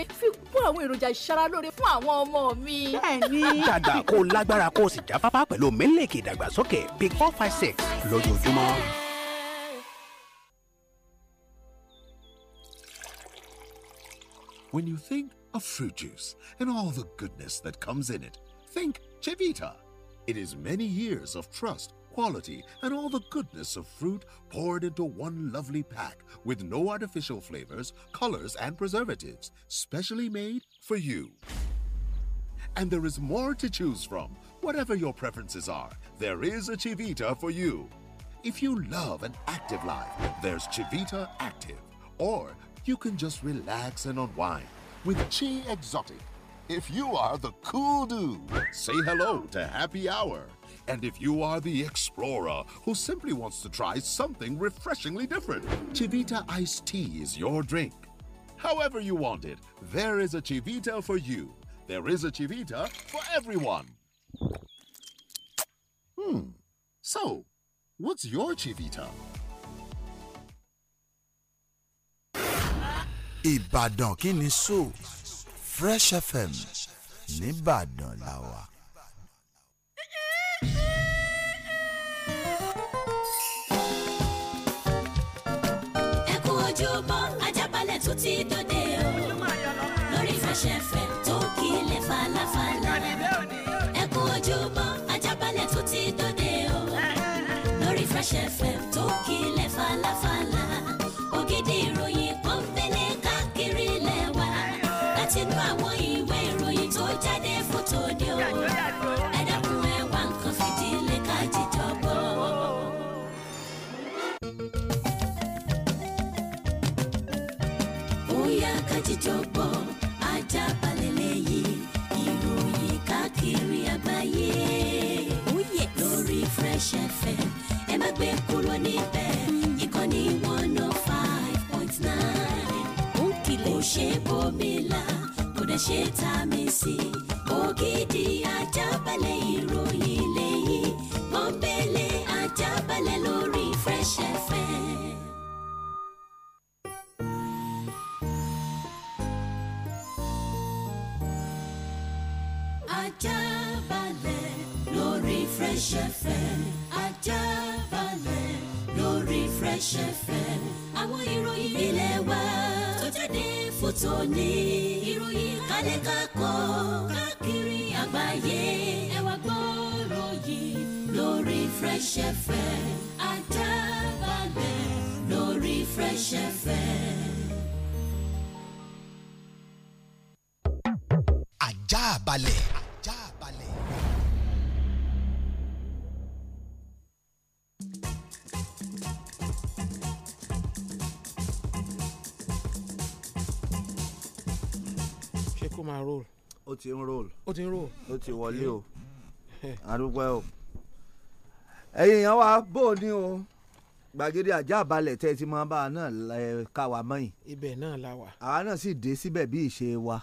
pé fi àwọn èròjà ìṣaralóore fún àwọn ọmọ mi. bẹ́ẹ̀ni. kó lágbára kó o sì pẹ̀lú mílíkì ìdàgbàsókè four five six lójoojúmọ́. When you think of fruit juice and all the goodness that comes in it, think Chivita. It is many years of trust quality, and all the goodness of fruit poured into one lovely pack with no artificial flavors, colors, and preservatives, specially made for you. And there is more to choose from. Whatever your preferences are, there is a Chivita for you. If you love an active life, there's Chivita Active. Or you can just relax and unwind with Chi Exotic if you are the cool dude, say hello to Happy Hour. And if you are the explorer who simply wants to try something refreshingly different, Chivita iced tea is your drink. However you want it, there is a Chivita for you. There is a Chivita for everyone. Hmm. So, what's your Chivita? Ibadan kini so Fresh FM nìbàdàn la wà. ẹ kú ojúbọ Ajaabale tún ti dòde o lórí Fresh FM tó kílẹ̀ falafala ẹ kú ojúbọ Ajaabale tún ti dòde o lórí Fresh FM. ọbẹ̀ ṣe tá a mi sí ògidì ajábalẹ̀ ìròyìn lẹ́yìn pọ́npẹ́lẹ́ ajábalẹ̀ lórí Fresh Ajábalẹ̀ lórí Fresh ajábalẹ̀ lórí Fresh àwọn ìròyìn ilé wa tó jáde fún tòní jáde kákó káàkiri àgbáyé ẹ wá gbọ́rọ̀ yìí lórí Fresh FM Ajaabale lórí Fresh ń roll. ó ti ń roll. ó ti ń roll. ó ti wọlé o àdúpẹ́ o ẹ̀yin èèyàn wa bó o ní o gbàgede àjà balẹ̀ tẹ́ ẹ ti máa bá a náà ká wa mọ́yìn. ibẹ̀ náà la wà. àwa náà sì dé síbẹ̀ bí ìṣe wa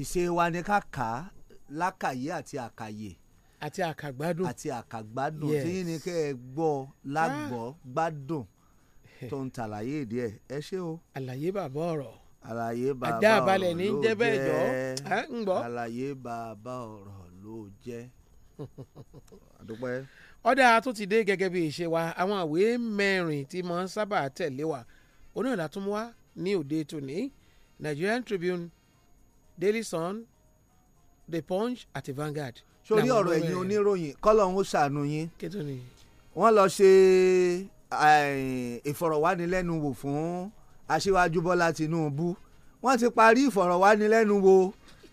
ìṣe wa ni ká kà á lákàyé àti àkàyè. àti àkàgbádùn. àti àkàgbádùn tí ni kẹ́ ẹ gbọ́ lágbọ́ ah. gbádùn tó ń tàlàyé ìdí ẹ̀ ẹ ṣé o. àlàyé bàbá ọ̀rọ̀ àlàyé bàbá ọ̀rọ̀ ló jẹ́ àlàyé bàbá ọ̀rọ̀ ló jẹ́. ọ̀dà tó ti dé gẹ́gẹ́ bí ìṣe wa àwọn àwé mẹ́rin tí mo ń sábà tẹ̀lé wa onílà tún ní òde tòní Nigerian Tribune Daily Sun The Punch àti Vanguard. sórí ọ̀rọ̀ ẹ̀yin oníròyìn kọ́lọ̀ ń ṣàánú yín wọ́n lọ ṣe ìfọ̀rọ̀wánilẹ́nuwò fún aṣíwájú bọ́lá tinubu wọ́n ti parí ìfọ̀rọ̀wánilẹ́nuwò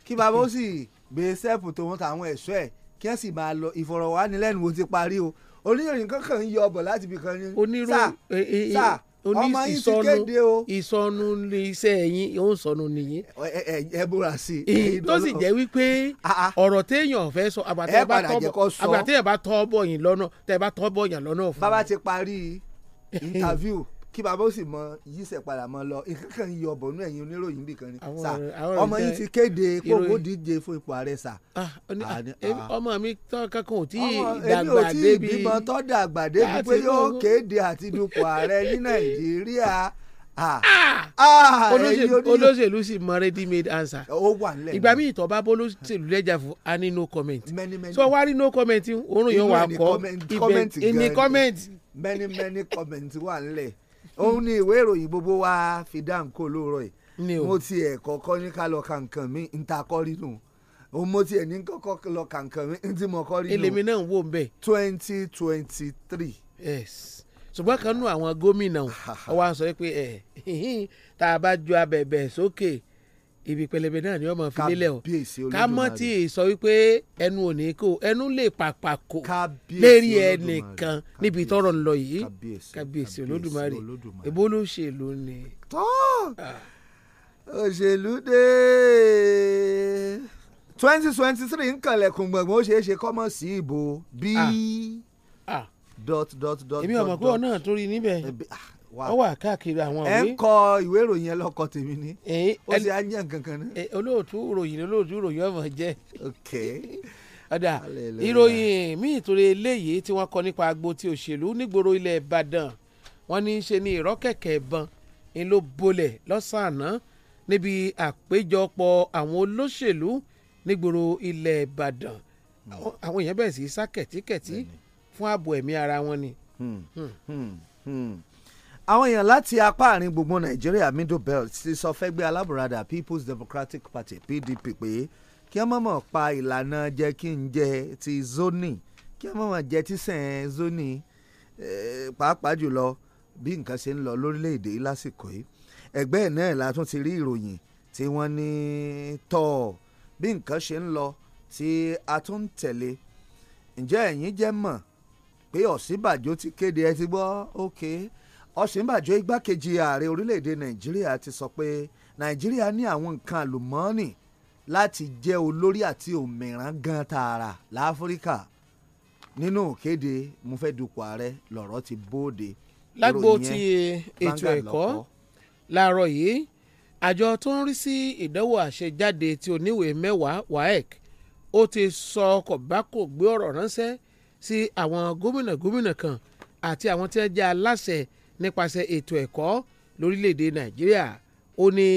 kí bàbá ó sì gbé sẹ́ẹ̀pù tòun tàwọn ẹ̀ṣọ́ ẹ̀ kí wọ́n sì máa lọ ìfọ̀rọ̀wánilẹ́nuwò ti parí o oníròyìn kankan ń yọ ọbọ̀ láti ibì kan ní. onírò sáà e- e- e- ọmọ yín ti kéde o. ìsọnù ní iṣẹ́ yín òun sọnù nìyí. ẹ ẹ búra sí i. tó sì jẹ́ wípé ah, ah. ọ̀rọ̀ téèyàn fẹ́ sọ àgbàtẹ́yà bá tọ́ bọ̀ yín lọ́nà tẹ́ bá tọ́ bọ̀ yín lọ́nà fún mi. bàbá ti parí interview kí bàbá ó sì mọ yíṣẹ́ padà mọ lọ ìkankan yìí ọ̀bọ̀nú ẹ̀yìn oníròyìn bìkan ni sà ọmọ yìí ti kéde kókó díje fún ipò ààrẹ sà. Ah, ah, ah. ọmọ mi kankan ò tí dàgbà débi ọmọ èmi ò tí bímọ tó dàgbà débi pé yóò kéde àti dupò ààrẹ ní nàìjíríà olóṣèlú sì mọ ready made answer. ó wà nílẹ̀. ìgbà míì tọ́ba bólóṣèlú lẹ́jà fún a ní no comment. many many so wá rí no comment òórùn yóò wà kọ́ ibẹ̀ ìní comment. many many comment wà nílẹ̀ òun ni ìwé ìròyìn gbogbo wa fi dáhùn kó lóòrọ̀ yìí mo ti ẹ̀ kọ́kọ́ ní ká lọ ka nǹkan mi ń ta kọ́ rí nù òun mo ti ẹ̀ ní kọ́kọ́ lọ ka nǹkan mi ń tí mo kọ́ rí nù. èlèmi náà ń wò ń twenty twenty three. yes ṣùgbọ́n kan nú àwọn gómìnà ó wá sọ pé ẹ̀ tá a bá ju abẹ̀bẹ̀ sókè. So ibi pẹlẹbẹ náà ni ọmọ fi lélẹ̀ o ká mọ̀ tí sọ wípé ẹnu ò ní ẹnu lè pàpà kó lérí ẹnìkan níbi tọ́rọ̀ ń lọ yìí kábíyèsí olódùmarè ebó olóṣèlú ni. tó ah. òṣèlú dé twenty twenty three nkànlẹ̀kùn gbọ̀ngbọ̀n ó ṣeé ṣe kọ́mọ̀ sí ìbò bí. dot dot dot dot èmi ọmọ pé ọ náà torí níbẹ̀ ó wà káàkiri àwọn ìwé. ẹ ń kọ ìwé ìròyìn yẹn lọkọ tèmi ni ó sì á yàn kankan náà. olóòtú ìròyìn olóòtú ìròyìn ọmọ jẹ. ok ọ̀dà ìròyìn míì torí eléyìí tí wọ́n kọ nípa agbo ti òṣèlú nígboro ilẹ̀ Ìbàdàn wọ́n ní í ṣe ní ìrọ́kẹ̀kẹ̀ ìbọn ń ló bolẹ̀ lọ́sàn-án níbi àpéjọpọ̀ àwọn olóṣèlú nígboro ilẹ̀ Ìbàdàn hmm. àwọn èèyàn bẹ̀rẹ̀ sí sá kẹ̀tíkẹ̀tí fún ààbò ẹ̀mí ara wọn ni. Hmm. Hmm àwọn èèyàn láti apá àárín gbùngbùn nàìjíríà middle belt ti sọ fẹ́gbẹ́ alábùradà people's democratic party pdp pé kí wọ́n mọ̀mọ́ pa ìlànà jẹ kí n jẹ ti zoni kí wọ́n mọ̀mọ́ jẹ ti sẹ̀n zoni pàápàá jùlọ bí nǹkan ṣe ń lọ lórílẹ̀‐èdè yìí lásìkò yìí ẹgbẹ́ náà la tún ti rí ìròyìn tí wọ́n ní tọ̀ bí nǹkan ṣe ń lọ tí a tún ń tẹ̀lé ǹjẹ́ ẹ̀yin jẹ́ mọ̀ pé Ọ̀ṣínbàjò ti kéde ẹ ti gbọ́ ókè. Okay ọ̀sìnbàjò igbákejì ààrẹ orílẹ̀-èdè nàìjíríà ti sọ pé nàìjíríà ní àwọn nǹkan àlùmọ́ọ́nì láti jẹ́ olórí àti òmìnira gan tààrà láfíríkà nínú òkèdè mo fẹ́ dupò ààrẹ lọ̀rọ̀ ti bóde. lágbo ti ètò ẹ̀kọ́ láàárọ̀ yìí àjọ tó ń rí sí ìdánwò àṣejáde ti oníwèé mẹ́wàá waec ó ti sọ ọkọ̀ bá kò gbé ọ̀rọ̀ ránṣẹ́ sí àwọn gómìnà gómìnà kan àti àwọn tí wọ́n jẹ́ aláṣẹ nípasẹ̀ ètò ẹ̀kọ́ lórílẹ̀‐èdè nàìjíríà ó ní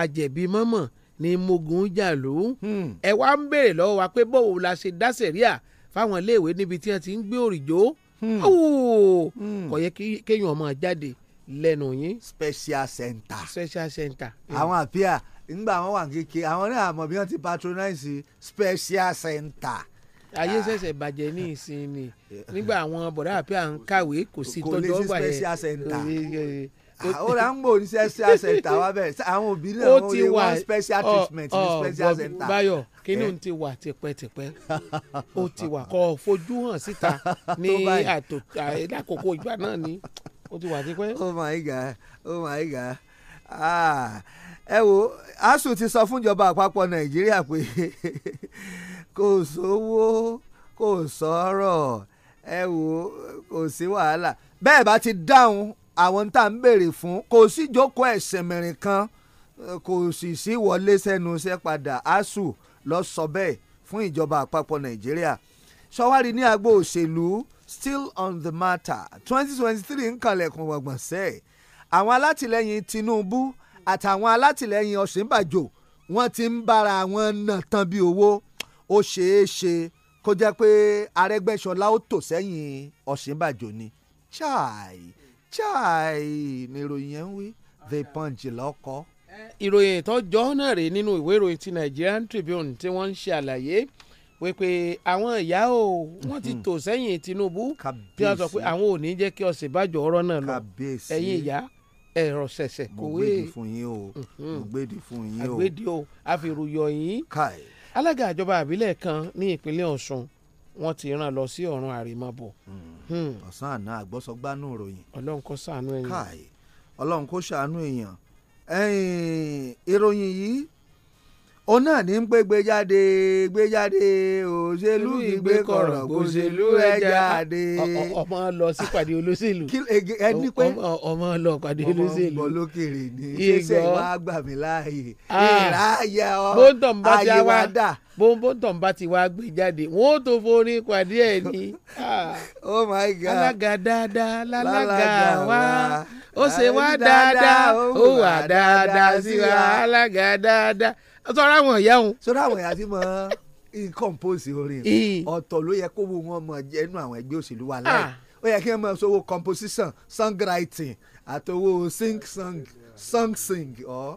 àjẹ̀bí mọ́mọ́ ní mogun jàlú hmm. ẹ wá ń béèrè lọ́wọ́ wa pé bọ́wọ́ la ṣe dá sẹ̀ríà fáwọn iléèwé níbi tí wọ́n ti ń gbé òrìjó hmm. hmm. kò yẹ kéèyàn ọmọ jáde lẹ́nu yín. special center. special center. àwọn àpíà ńgbà wọn wà kéke àwọn náà mọ̀ bí wọ́n ti patronize special center ayé ah. ṣẹ̀ṣẹ̀ bàjẹ́ ní ìsìn eh. nígbà àwọn bọ̀dá àpẹ́ à ń kàwé kò sí tọ́jú ọgbà yẹn ah, ó ra ń gbò ní special center wa bẹ́ẹ̀ àwọn òbí náà ó lè wá special treatment ní special center. Báyọ̀ kínní eh. ti wà tipẹ́tipẹ́ ó ti wà kọ́ fojú hàn síta ní àkókò ìgbà náà ni ó ti wà tipẹ́. oh my god oh my god ah ẹ wo asu ti sọ fúnjọba àpapọ̀ Nàìjíríà pé kò sówó kò sọ̀rọ̀ ẹ wò ó kò sí wàhálà bẹ́ẹ̀ bá ti dáhùn àwọn tá à ń béèrè fún kò sí ìjókòó ẹ̀sìn mìíràn kan kò sì sí wọlé sẹ́nu iṣẹ́ padà asuu lọ sọ bẹ́ẹ̀ fún ìjọba àpapọ̀ nàìjíríà sọwárí ní agbo òṣèlú still on the matter twenty twenty three ń kanlẹ̀kùn wọ̀gbọ̀n sẹ́ẹ̀ àwọn alátìlẹyìn tinubu àtàwọn alátìlẹyìn ọ̀sìnbàjò wọ́n ti ń bára wọn nà tán bí owó ó ṣeé ṣe kó jẹ́ pé Arẹ́gbẹ́ṣọlá ó tò sẹ́yìn Ọ̀ṣínbàjò ni chai chai ni ìròyìn yẹn ń wí the punch lọ́kọ́. ìròyìn ìtọ́jọ́ náà rèé nínú ìwé ìròyìn ti Nigerian Tribune tí wọ́n ń ṣe àlàyé wípé àwọn ìyá o wọ́n ti hmm. tò sẹ́yìn Tinubu tí wọ́n sọ pé àwọn ò ní jẹ́ kí Ọ̀ṣínbàjò ọ̀rọ̀ náà lọ ẹ̀yin ìyá ẹ̀rọ ṣẹ̀ṣẹ̀ kòwé mo gbèdì fún yín o hmm. mo gbèdì fún yín o àgbèdì o àfìrùyọ̀ yín alága ìjọba àbílẹ̀ kan ní ìpínlẹ̀ ọ̀ṣun wọ́n ti rán lọ sí ọ̀run àrèmabọ̀. Hmm. Hmm. ọ̀sán àná àgbọ́sọgbánú ìròyìn. ọlọ́run kó ṣàánú èèyàn. káì ọlọ́run kó ṣàánú èèyàn. ìròyìn yìí òun náà ní ń pé gbéjáde gbéjáde òṣèlú ìgbé kọ̀rọ̀ òṣèlú ẹ̀jáde. ọmọ lọ sí pàdé olóṣèlú ẹni pé ọmọ lọ pàdé olóṣèlú ọmọ bọ lókèrè ní ṣẹṣẹ wàá gbà mí láàyè ah. ìráyà ọ ayé wa dà. bóńbóńtàn bá ti wá gbé jáde wọn ò tó forin pàdé ẹ ní. Ah. oh my god alága dáadáa lálága wá ó ṣe wá dáadáa ó wà dáadáa sí wa alága dáadáa sọ́ra àwọn ìyá òun. sọ́ra àwọn ìyá tí mo compose orin ọ̀tọ̀ ló yẹ kó wo wọn mọ ẹnu àwọn ẹgbẹ́ òṣèlú wa ah. láì ó yẹ kí wọ́n máa sọ́wọ́ composition songwriting àtọwọ́ sing song song sing ọ́. Oh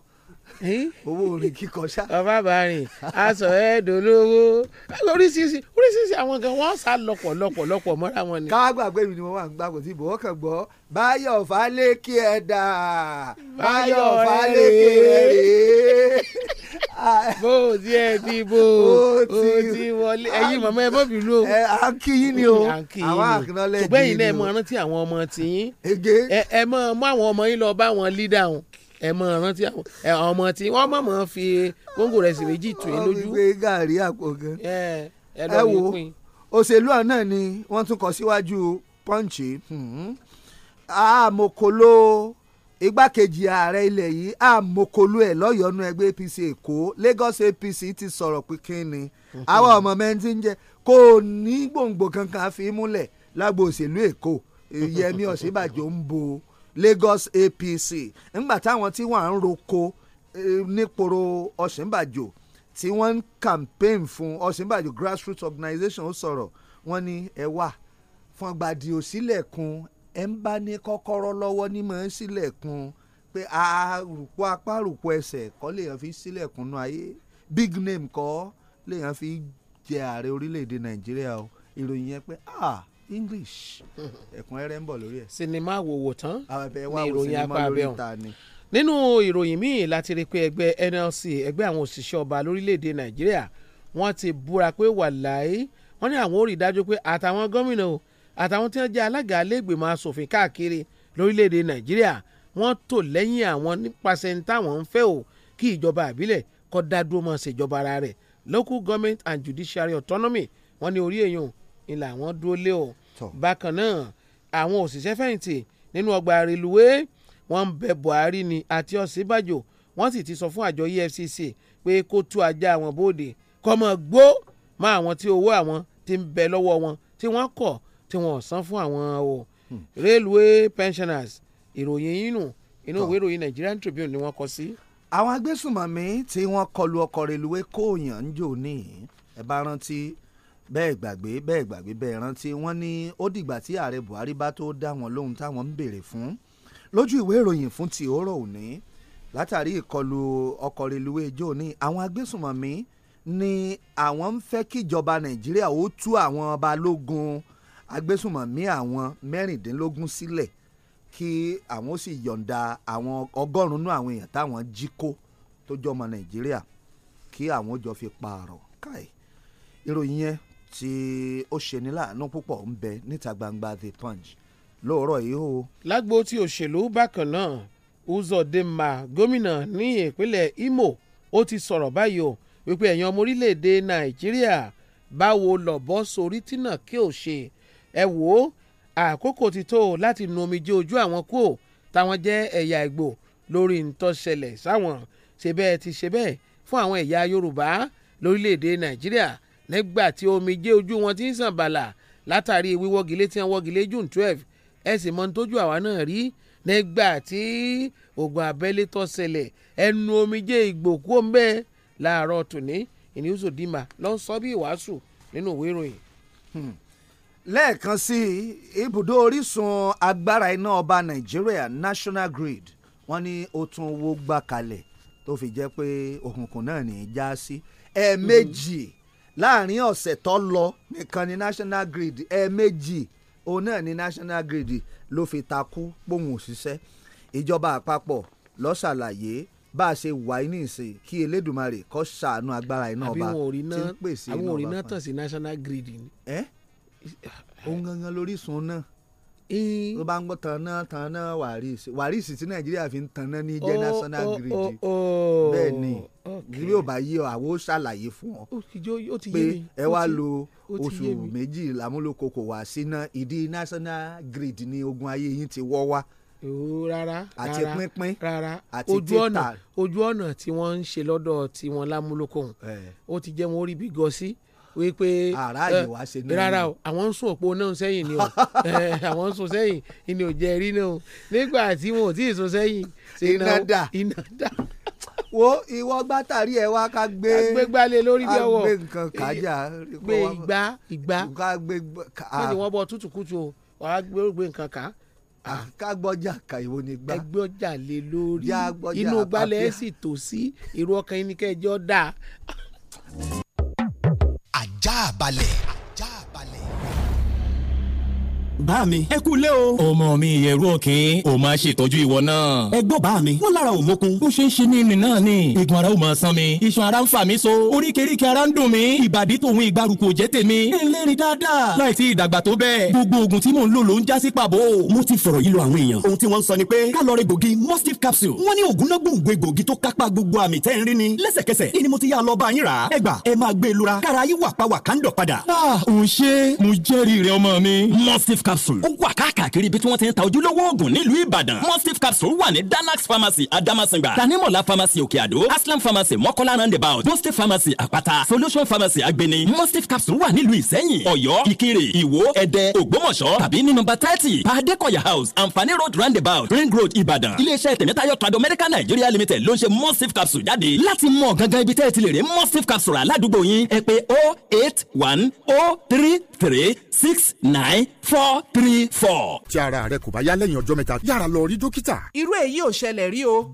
owó orin kíkọ ṣá. ọba bàárìn aṣọ ẹ̀ẹ́dọ̀ olówó oríṣiríṣi oríṣiríṣi àwọn kan wọ́n sá lọ́pọ̀ lọ́pọ̀ lọ́pọ̀ mọ́ra wọn ni. ká mi ni mo wà ń gbà kò sí ìbò kàn gbọ́ báyọ̀ fálékè ẹ̀dà báyọ̀ fálékè ẹ̀rẹ́ bó o ti ẹ ti bó o ti wọlé ẹ̀yin màmá ẹ bọ́bí lu ẹ à ń kí yín ni o àwọn àkànlẹ̀ dì í ni o. ṣùgbọ́n náà ẹ mọ rántí àwọn ọmọ tiyín ẹ mọ àwọn ọmọ yín lọ bá wọn lídà wọn ẹ mọ rántí àwọn ọmọ tí wọ́n mọ̀ mọ́ fi kóńgò rẹ̀ sì méjì tù é lójú. ọ̀gbìn gàrí àpò gan. ẹ wo òṣèlú àná ni wọ́n tún kọ síwájú pọ́ǹchì hmm. àmọ̀kòló igbákejì ààrẹ ilẹ̀ yìí àmọ̀kòló ẹ̀ lọ́yọ̀ọ́nù ẹgbẹ́ APC Èkó Lagos APC ti sọ̀rọ̀ pínpín ni hmm. àwa ọmọ mẹ́ńtí ń jẹ́ kò ní gbòǹgbò kankan fi múlẹ̀ lágbo òṣèlú Èkó Yẹmí Ọ̀ṣínbàjò ń bo Lagos APC ńgbà táwọn tí wọ́n à ń roko eh, níporo Ọ̀ṣínbàjò tí wọ́n ń campaign fún Ọ̀ṣínbàjò grassroots organization ó sọ̀rọ̀ wọ́n ní ẹ wà fọ̀ngbàdì ò sílẹ̀kùn ẹ ń bá ní kọ́kọ́rọ́ lọ́wọ́ ní mọ̀ ń sílẹ̀kùn pé àrùkù apá àrùkù ẹsẹ̀ kọ́ lèèyàn fi sílẹ̀kùn nù ayé big name kọ́ lèèyàn fi jẹ ààrẹ orílẹ̀-èdè Nàìjíríà o ìròyìn yẹn pé ah english ẹ̀kúnrẹ́rẹ́ ń bọ̀ lórí ẹ̀. sinimá wòwò tán ni ìròyìn apá abẹ́ ọ̀hún nínú ìròyìn míì láti rí i pé ẹgbẹ́ NLC ẹgbẹ́ àwọn òṣìṣẹ́ ọba lórílẹ̀‐èdè nàìjíríà wọ́n ti búra pé wàláì wọ́n ní àwọn ò rí i dájú pé àtàwọn gómìnà o àtàwọn tí wọ́n jẹ́ alága lẹ́gbẹ̀mọ asòfin káàkiri lórílẹ̀‐èdè nàìjíríà wọ́n tò lẹ́yìn àwọn nípasẹ̀ ní táwọn ń fẹ́ o kí ìjọba àbílẹ̀ kó dá dúró mọ́ ṣèjọba ara rẹ̀ local government and judiciary autonomy wọ́n ní orí èèyàn ńlá àwọn dúró lé o bákan náà àwọn òṣìṣẹ́ fẹ̀yìntì nínú ọgbà rélùwé wọ́n ń bẹ Buhari ni àti Ọ̀ṣínbàjò wọ́n sì ti sọ fún àjọ EFCC pé kó tú ajá àwọn bóde kọ́mọ gbó mọ́ àwọn tí owó àwọn ti ń bẹ lọ́wọ́ wọn tí wọ́n kọ̀ tí wọ́n san fún àwọn o hmm. railway pensioners ìròyìn inú inú ìwé ìròyìn Nigerian Tribune ni wọ́n kọ sí. àwọn agbésùnmọ̀mí tí wọ́n kọlu ọkọ̀ rélùwé kóòyàn ń jò ní ẹ̀ bá rántí bẹ́ẹ̀ gbàgbé bẹ́ẹ̀ gbàgbé bẹ́ẹ̀ rántí wọ́n ní ó dìgbà tí ààrẹ Buhari bá tó dá wọn lóhun táwọn ń béèrè fún lójú ìwé ìròyìn fún ti òórọ̀ òní látàrí ìkọlù ọkọ̀ reluwé ijó ní àwọn agbésùnmọ̀mí ni àwọn ń fẹ́ kíjọba Nàìjíríà ó tú àwọn balógun agbésùnmọ̀mí àwọn mẹ́rìndínlógún sílẹ̀ kí àwọn ó sì yọ̀ǹda àwọn ọgọ́rùn-ún àwọn èèyàn táwọn jí kó tó jọmọ Nàìjíríà kí àwọn ó jọ fi pààrọ̀ káì ìròyìn yẹn tí ó ṣeni láàánú púpọ̀ ń bẹ níta gbangba the punch lóòrọ̀ yìí o. lágbo tí òṣèlú bákan náà Uzodinma gómìnà ní ìpínlẹ̀ Imo ó ti sọ̀rọ̀ báyìí o wípé ẹ̀yàn ọmọ orílẹ̀-èdè Nàìjíríà báwo lọ̀bọ́ sórí tínà kí ò ṣe ẹ wò ó àkókò ti tó láti nu omijé ojú àwọn kú ò táwọn jẹ́ ẹ̀yà Ìgbò lórí ntọ́ṣẹlẹ̀ sáwọn ṣe bẹ́ẹ̀ ti ṣe bẹ́ẹ̀ fún àwọn ẹ̀yà Yorùbá lórílẹ̀-èdè Nàìjíríà nígbà tí omijé ojú wọn ti ń sàn bàlà látàrí wíwọ́gilé tí wọ́n wọ́gilé june twelve ẹ sì mọ tójú àwa náà rí nígbà tí ogun abẹ́lé tó ṣẹlẹ̀ ẹnu omijé ìgbòkú ọ̀nbẹ làárọ̀ tòní ìníwùsọ̀ dìímà ló sọ bí ìwàásù nínú ìwé ìròyìn. Hmm. lẹ́ẹ̀kan sí ibùdó orísun agbára iná ọba nàìjíríà national grid wọ́n ní ó tún wó gbà kalẹ̀ tó fi jẹ́ pé òkùnkùn náà ní í já sí ẹ̀ẹ̀mejì. Mm -hmm láàrin ọ̀sẹ̀ tó lọ nìkan ni national grid ẹ̀ẹ̀mejì òun náà ni national grid ló fi takú pòun òṣìṣẹ́ ìjọba àpapọ̀ ló ṣàlàyé bá a ṣe wà ní ìsìn kí elédùnmarè kó ṣàánú agbára iná ọba tí ń pèsè iná ọba fún un. àwọn òrìnà tàn sí national grid ni. ẹ ohun gangan lórísun náà ló bá ń gbọ́ tanná tanná wàrísì wàrísì tí nàìjíríà fi ń tanná ní jẹ́ oh, national oh, grid oh, bẹ́ẹ̀ ni bí yóò bá yé ọ àwọn ó ṣàlàyé fún ọ pé ẹ wá lo oṣù méjì lámúlòkòkò wá síná ìdí national grid ní ogun ayé yín ti wọ́ wá rárá àti pínpín àti títà ojú ọ̀nà tí wọ́n ń ṣe lọ́dọ̀ tí wọ́n lámúlòkò ó ti jẹ́ wọn ó rí bí gọ sí wípé aráàyè wá ṣe náà rárá o àwọn ń sún òpó náà sẹ́yìn ni o àwọn ń sún sẹ́yìn ni ò jẹ́ rí náà nígbà tí wọn ò tí ì sún sẹ́yìn ṣe iná dà iná dà. wo ìwọ gbátàrí ẹ wá ká gbé gbé gbálẹ̀ lórí bí ọwọ́ gbé nǹkan kájà gbé ìgbà ìgbà ká gbé ká. wọ́n ti wọ́n bọ tútùkútù o wàá gbé nǹkan ká kágbọ́jà kàìwò ní gbà. ẹgbẹ́ ọjà lè lórí inú gbalẹ̀ sì tò sí irú ọkàn yín ni kẹjọ dà ajá balẹ̀ bá mi. ẹ kú lé o. ọmọ mi ìyẹ̀rú ọ̀kín o máa ṣètọ́jú ìwọ náà. ẹ gbọ́ bá mi. wọ́n lára ò ó ṣe ń ṣe ní ìrìn náà ni. igun ara ò máa san mi. iṣan ara ń fà mí so. oríkèéríkè ara ń dùn mí. ìbàdí tòun ìgbàrúkọ jẹ́ tèmi. ẹlẹ́rìí dáadáa. láì tí ìdàgbà tó bẹ́ẹ̀. gbogbo oògùn tí mò ń lò ló ń já sí pàbó. mo ti fọ̀rọ̀ yí lọ àwọn èèyàn. ohun tí wọ́n sọ ni pé kálọ̀rì gbòógì mustif capsule. wọ́n ní oògùn náà gbòǹgbò egbòogi tó kápá gbogbo àmì tẹ́ ń rí ni. lẹ́sẹ̀kẹsẹ̀ ni mo ti yá lọ bá yín rà. ẹ gbà ẹ máa gbé e lura. kára yí wà pa wà ká ń dọ̀ padà. ah òun ṣe mo jẹ́rìí rẹ ọmọ mi. mustif capsule ó wà káàkiri bí wọ́n ti ń ta ojúlówó oògùn nílùú Ìbàdàn mustif capsule wà ní danax pharmacy Adamasingba tanimola pharmacy Òkè Àdó aslam pharmacy Mọ́kọ́lá roundabout mustif pharmacy Àpáta solution pharmacy Agbeni mustif capsule wà nílùú Ìsẹ́yìn Ọ̀yọ́ Ìkirè Ìwó Ẹdẹ Ògbómọ̀ṣọ́ tàbí ní nọ́mbà thirty pàdékọ̀yà house Anfani road roundabout ring road Ìbàdàn iléeṣẹ́ tẹ̀mẹ́tayọ̀ trado medical Nigeria limited ló ń ṣe capsule jáde láti mọ̀ gangan ibi tẹ́ capsule aládùúgbò yín oh eight one oh three three six nine four three four. tí ara rẹ kò bá yá lẹ́yìn ọjọ́ mẹ́ta yára lọ rí dókítà. irú èyí ò ṣẹlẹ̀ rí o.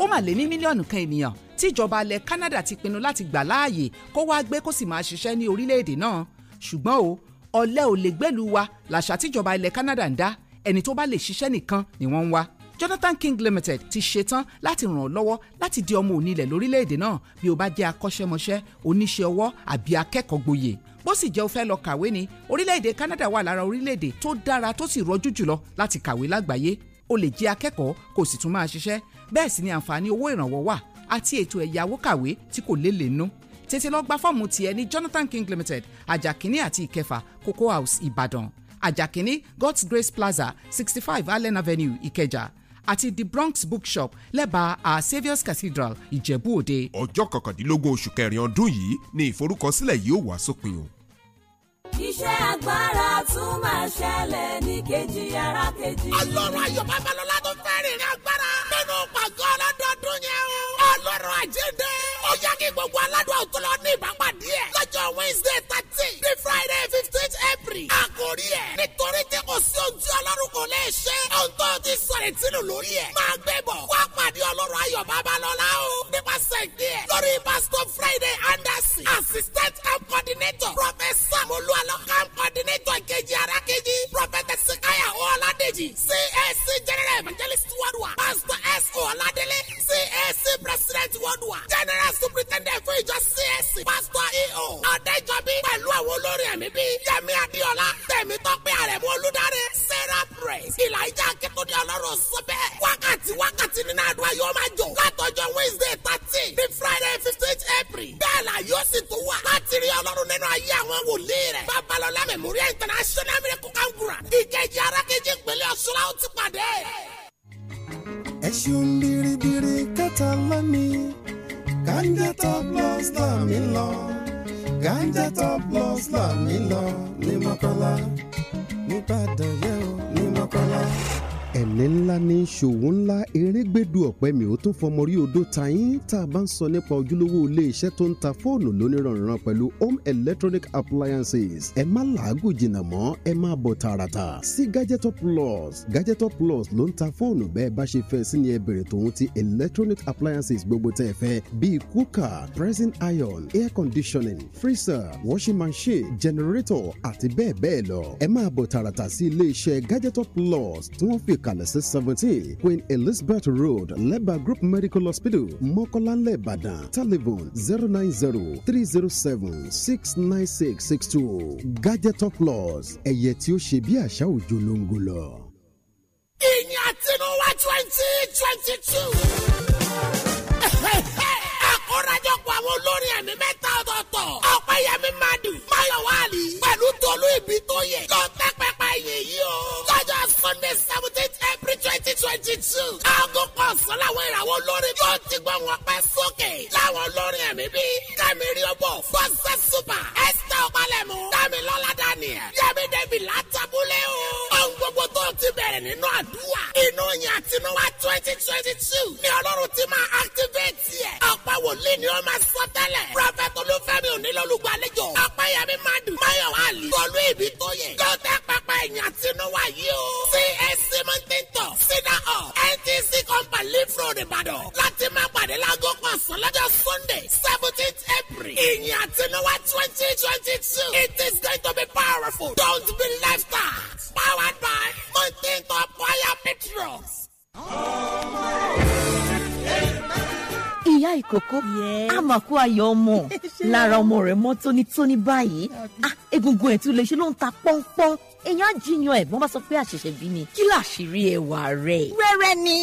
ó mà lé ní mílíọ̀nù kan ènìyàn tí ìjọba ilẹ̀ Canada ti pinnu láti gbà láàyè kó wá gbé kó sì máa ṣiṣẹ́ ní orílẹ̀-èdè náà ṣùgbọ́n o ọ̀lẹ ò lè gbẹ́lu wa làṣà tíjọba ilẹ̀ Canada ń dá ẹni tó bá lè ṣiṣẹ́ nìkan ni wọ́n ń wá Jonathan King Limited ti ṣetán láti ràn ọ́ lọ́wọ́ láti di ọmọ onílẹ̀ lórílẹ̀‐èdè náà bí o bá jẹ́ akọ́ṣẹ́mọṣẹ́ oníṣẹ́ ọwọ́ àbí akẹ́kọ̀ọ́ gboyè bó sì jẹ́ o fẹ́ lọ kàwé ni orílẹ̀-èdè Canada wà lára orílẹ̀-èdè tó dára tó sì rọjú jùlọ láti kàwé lágbàáyé o lè jẹ́ akẹ́kọ̀ọ́ kó sì tún máa ṣiṣẹ́ bẹ́ẹ̀ sì ni àǹfààní owó ìrànwọ́ wà àti ètò ẹ̀yáwó kàwé tí kò lélẹ̀ nú tètè lọ gba fọ́ọ̀mù tiẹ̀ ní Jonathan King Limited ajakini àti ìkẹfà Cocoa House Ìbàdàn ajakini God's Grace Plaza sixty five Allen Avenue Ìkẹjà àti the bronx bookshop lẹ́bàá our saviour's cathedral ìjẹ̀bú òde. ọjọ́ kọkàndínlógún oṣù kẹrin ọdún yìí ni ìforúkọsílẹ̀ yìí ó wà sópin o. iṣẹ́ agbára tún máa ṣẹlẹ̀ ní kejì ara kejì. ọlọ́run ayọ̀ babalọ́lá tó fẹ́ rìnrìn agbára nínú pàgọ́ ọlọ́dọọdún yẹn o. ọlọ́run àjíǹde ó yá kí gbogbo aládùn àwùjọ lọ ní ìbámu díẹ̀ lọ́jọ́ wednesday thirty sínú lórí ẹ̀. má tó fọmọrí odò tàyín tá a bá ń sọ nípa ojúlówó ilé iṣẹ́ tó ń ta fóònù lóníranran pẹ̀lú home electronic appliances ẹ má làágùn jìnnà mọ́ ẹ má bọ̀ tààràtà sí gadgetor plus gadgetor plus ló ń ta fóònù bẹ́ẹ̀ bá ṣe fẹ́ sí ni ẹ bèrè tòun ti electronic appliances gbogbo tẹ́ ẹ fẹ́ bíi cooker pressing iron air conditioning freezer washing machine generator àti bẹ́ẹ̀ bẹ́ẹ̀ lọ ẹ máa bọ̀ tààràtà sí ilé iṣẹ́ gadgetor plus tí wọ́n fi kalẹ̀ sí seventeen Queen Elizabeth Road lẹ́bàá group group medical hospital mokolanle ibadan telephone zero nine zero three zero seven six nine six six two gadgetor plus ẹ̀yẹ tí ó ṣe bí àṣà òjò ló ń gò lọ. ìyìn àtinúwá twenty twenty two àkórajọpọ̀ àwọn olórin ẹ̀mí mẹ́ta ọ̀tọ̀ọ̀tọ̀ ọ̀pẹ̀yẹmí madu máyọ̀wá àlì pẹ̀lú tolú ìbí tó yẹ ló tẹ́ pẹpẹ yẹ yìí o lọ́jọ́ sunday seventeen april twenty twenty two aago ọ̀sán làwọn ìràwọ̀ olórin yóò ti gbọ́ wọn pẹ́ sókè. láwọn olórin ẹ̀mí bíi kẹ́mi ríobò fọ́sẹ̀ súpà ẹ̀sítẹ́ ọ̀pálẹ̀mú dámilọ́lá daniel yẹ́mi débi látàbúlé o. ohun gbogbo tó ti bẹ̀rẹ̀ nínú àdúrà inú yẹn àtinúwá twenty twenty two ni ọlọ́run ti máa activate yẹ. ọ̀pọ̀ wòlíì ni ó máa sọ tẹ́lẹ̀. prọfẹ̀tì olúfẹ́mi onílọ́lùgbàlejò ọ̀pẹ̀yẹmí madu mayọ̀ ali tọ́lú ibi tó yẹ. yóò tẹ́ pápá ẹ̀yìn àtinúwá yìí o. csc mọ́tẹ́ntọ̀ sínú ọ̀ atc company leaf road ìbàdàn láti máa pàdé láago kan ọ̀sán lọ́jọ́ sunday seventeenth april ìyìn àtinúwá twenty twenty two it is going to be powerful don't be left out powered by continental choir petros. ìyá ìkókó àmàkù ayọ̀ ọmọ lára ọmọ rẹ̀ mọ́ tónítóní báyìí ah, egungun ẹ̀ tún lè ṣe ló ń ta pọ́npọ́n èèyàn á jiyàn ẹ̀gbọ́n bá sọ pé àṣẹ̀ṣẹ̀ bí ni kí làṣírí ẹwà rẹ̀. wẹ́rẹ́ ni.